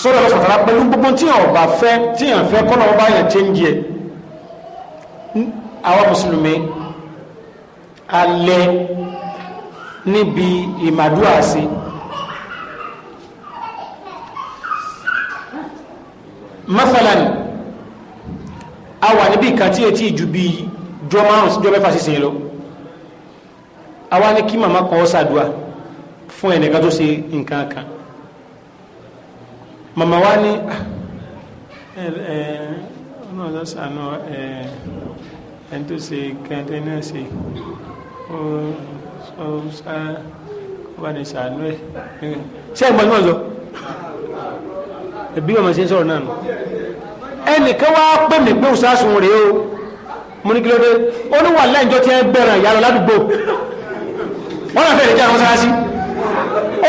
sọ́dọ̀ lọ sọ̀tara pẹ̀lú gbogbo tí yàn bá fẹ́ tí yàn fẹ́ kọ́nà ọba yàn change ẹ̀ àwọn mùsùlùmí alẹ́ níbi ìmàdúrà sí masalan a wà níbi ìkan tí etí ìjú bíi jọ márùn-ún sí jọ mẹ́fà sísìn lọ àwa ní kí màmá kan ó ṣàdúrà fún ẹnìkan tó ṣe nǹkan kan màmá wa ní ah, ẹ ẹ ọlọ́run ló ṣàánú ẹ ẹ tó ṣe kẹntẹ náà ṣe ó sọ sá ó bá ní ṣàánú ẹ ṣé ẹ̀gbọ́n náà sọ ẹbí màmá ṣe ń sọ̀rọ̀ náà nù ẹnìkan wá pè mí pé òṣàṣùn rèé o mo ní kí ló dé ó ní wà láìjọ tí ẹ bẹ̀rẹ̀ ìyá lọ ládùúgbò wọn náà fẹ́ẹ́ lè jẹ́ àwọn sára sí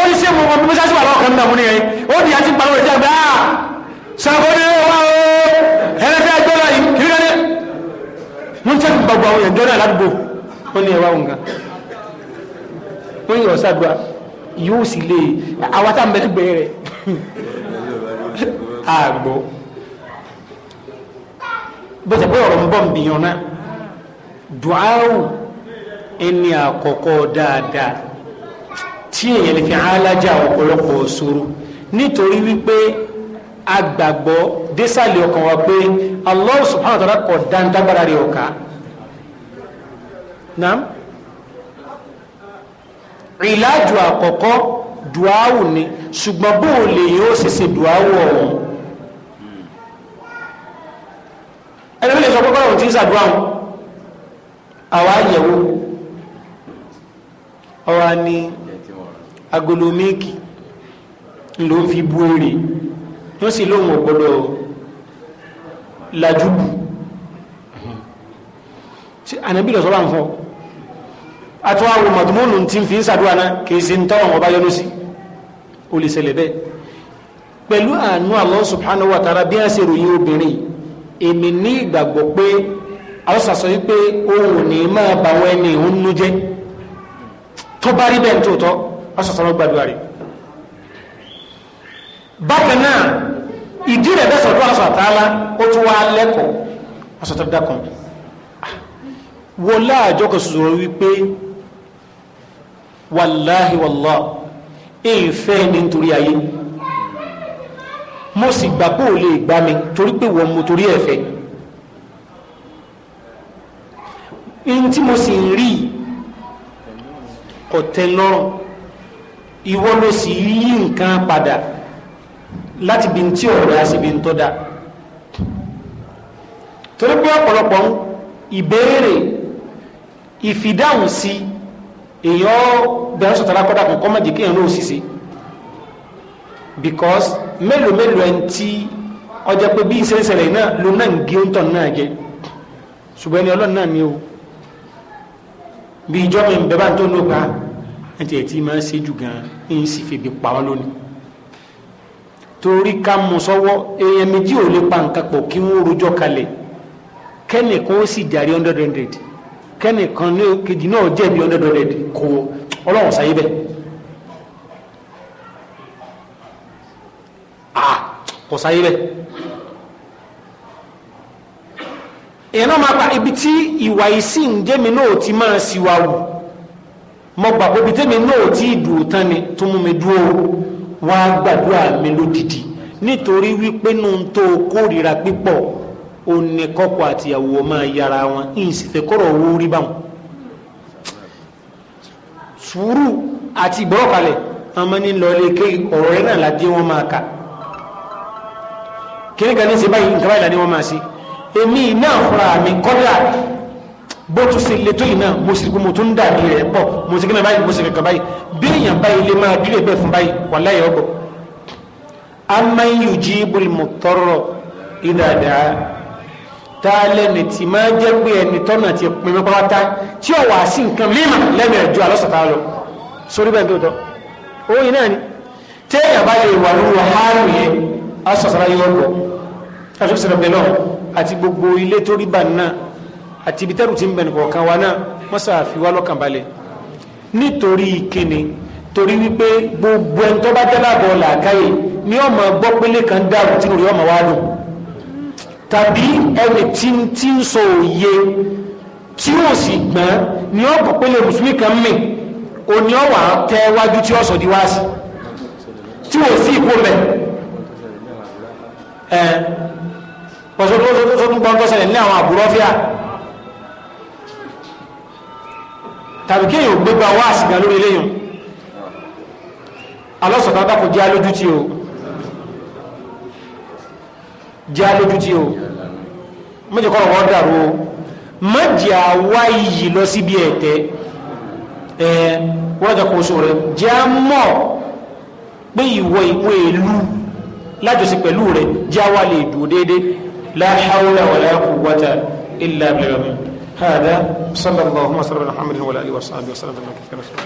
ó ní sí ìmọ̀ bí mọ́ṣáṣí wà lọ́wọ́ kan náà mú nìyẹn ó di àti pàrọ̀ ìjà gbà á sàkó ní wà ó ẹni fẹ́ gbọ́ lọ yìí kiri kẹ́ni wọ́n tẹ́ gbogbo àwọn èèyàn jọ náà ládùúgbò ó ní ẹwà òǹkà wọ́n yọ̀ ṣàdúrà yóò sì lè e. àwọn tá à ń bẹ lẹ́gbẹ̀ẹ́ rẹ̀ àgbò bẹ́tẹ̀ bọ́ ọ̀rọ̀ ń bọ̀ ń bìyàn náà dùáwù ẹni àkọ́kọ́ dáadáa tí èèyàn lè fi alájà ọ̀pọ̀lọpọ̀ ṣòro nítorí wípé agbàgbọ́ désàlẹ̀ ọkàn wa pé Allah subhanahu wa ta'ala kọ̀ dáńdágbára rẹ̀ ọ̀ka naam ìlàjù àkọ́kọ́ dùáwù ni ṣùgbọ́n bó o lè yóò sì ṣe dùáwù ọ̀hún ẹni lè sọ pé kọ́lọ̀ tí ń ṣàdúrà wọn àwa ọ̀rọ̀ ni agolo míìkì ló ń fi bu èrè wọ́n sì lóun ọ̀gbọ́dọ̀ lajú bù ànábì lọ sọ́wọ́n fọ́ àtọ́ àwọn mọ̀tòmọ́nù tí ń fi ń sàdúrà náà kìí sí ń tọ́wọ̀n ọba yọnu sí o lè ṣẹlẹ̀ bẹ́ẹ̀ pẹ̀lú àánú Allah subhanahu wa ta'ala bí a ṣe ròyìn obìnrin èmi ní ìgbàgbọ́ pé àwọn sàṣọ yìí pé òun ò ní máa bàwọn ẹni òun nú jẹ́ tó bá rí bẹ́ẹ̀ tó tọ́ ọ̀sọ̀sọ̀rọ̀ gbàdúrà rẹ̀ bákan náà ìdí rẹ̀ bẹ́sọ̀ tó aṣọ àtàlá ó tún wá lẹ́kọ̀ọ́ ọ̀sọ̀tọ̀ dákan ah, wọ́n láàjọ kan sọ̀rọ̀ wípé wàláhì wàlá èyí fẹ́ ní nítorí ayé mo sì gbà bó lè gbá mi torí pé wọ́n mo torí ẹ̀fẹ́ in tí mo sì rí ọ̀tẹ̀ lọ́rùn ìwọ ló sì yí nǹkan padà láti bí tí ò dá síbi tó dá torí pé ọ̀pọ̀lọpọ̀ ìbéèrè ìfidáhùn sí èèyàn bẹ̀rẹ̀ sọ̀tara kọ́dà kan kọ́ mọ̀jì kéèyàn náà ṣiṣẹ́ because mélòó mélòó ẹni tí ọjà pé bí iṣẹ́ ìṣẹ̀lẹ̀ náà ló náà ń gé oúntọ̀ náà jẹ ṣùgbọ́n ẹni ọlọ́run náà ni o bí ìjọ́ mi ń bẹ bá ń tó ní òkú ẹtì ẹtì máa ṣe jù gan ẹyìn sì fi ibi pa wọn lónìí torí ká mú sọ́wọ́ èèyàn méjì ò lè pa nǹkan pọ̀ kí wọ́n rojọ́ kalẹ̀ kẹ́nìkan ó sì jàre hundred hundred kẹ́nìkan kejì náà jẹ̀bi hundred hundred kò ọlọ́run sáyé a kò sáyé bẹ́ẹ̀ èèyàn náà máa pa ibi tí ìwà ìsìn jẹ́mi náà ti máa ṣìwà wù. mo gbà pé bitẹ́mi náà tí ìdùn tán ni tó mú mi dúró wá gbàdúrà mi lódìdí nítorí wípé nù ń tó kórìíra pípọ̀ òní kọ́kọ́ àtìyàwó máa yára wọn ìsìfẹ́kọ̀rọ̀ owó rí báwọn sùúrù àti ìgbọ́kàlẹ̀ ọmọ ní lọlé ké ọ̀rọ̀ rẹ̀ náà ládé wọn máa kà kí ní kan ṣe báyìí nǹkan báyìí ládé wọn máa ṣe èmi náà fúnra mi kọ́dà bó tún ṣe lè tó yìí náà mo sì mo tún dàbí rẹ̀ pọ̀ mo sì kí náà báyìí mo sì kankan báyìí bí èèyàn báyìí lè máa dúró bẹ́ẹ̀ fún báyìí wà láyé ọgbọ̀ aman yujibul muttarra idha da'a tá a lẹ́nu tí máa jẹ́ pé ẹni tọ́nà ti pin mi pátá tí ò wá sí nǹkan mímà lẹ́nu ẹ̀jọ́ alọ́sọ̀tà lọ sórí bẹ́ẹ̀ tó tọ́ oyin náà ni téèyàn bá lè wà lóru hàánù yẹn asọ̀sára yóò gbọ́ àti gbogbo ilé tó rí bá náà àti ibi tẹ́rù ti ń bẹ̀rù kọ̀ọ̀kan wa náà wọ́n sàfi wá lọ́kàn balẹ̀ nítorí kíni torí wípé gbogbo ẹni tó bá dẹ́lábọ̀ làákàyè ni ọmọ gbọ́ pélé kan dàrú tínú rí ọmọ wa dùn tàbí ẹni tí ń tí ń sọ òye tí ó sì gbọ́n ni ó gbọ́ pélé mùsùlùmí kan mì ò ní ọwà tẹ wájú tí ó sọ di wáàsì tí ò sí ìkó mẹ ẹ pọ̀sọ̀tún gbọ́ngọ́sẹ̀lẹ̀ ní àwọn àbúrọ́fíà tàbí kí èèyàn gbégbá wá àsìgbà lórí eléyàn alọ́sọ̀tà bá kò jẹ́ alójú tí o jẹ́ alójú tí o méjì kọ́ ọ̀rọ̀ dàrú o méjì àwa iyì lọ síbi ẹ̀tẹ́ ẹ wọ́n jẹ́ kó oṣù rẹ̀ jẹ́ mọ̀ pé ìwọ ìwé ìlú lájọsí pẹ̀lú rẹ̀ jẹ́ àwa lè dùn déédéé la hawla wala quwwata illa billah هذا صلى الله وسلم على محمد وعلى اله وصحبه وسلم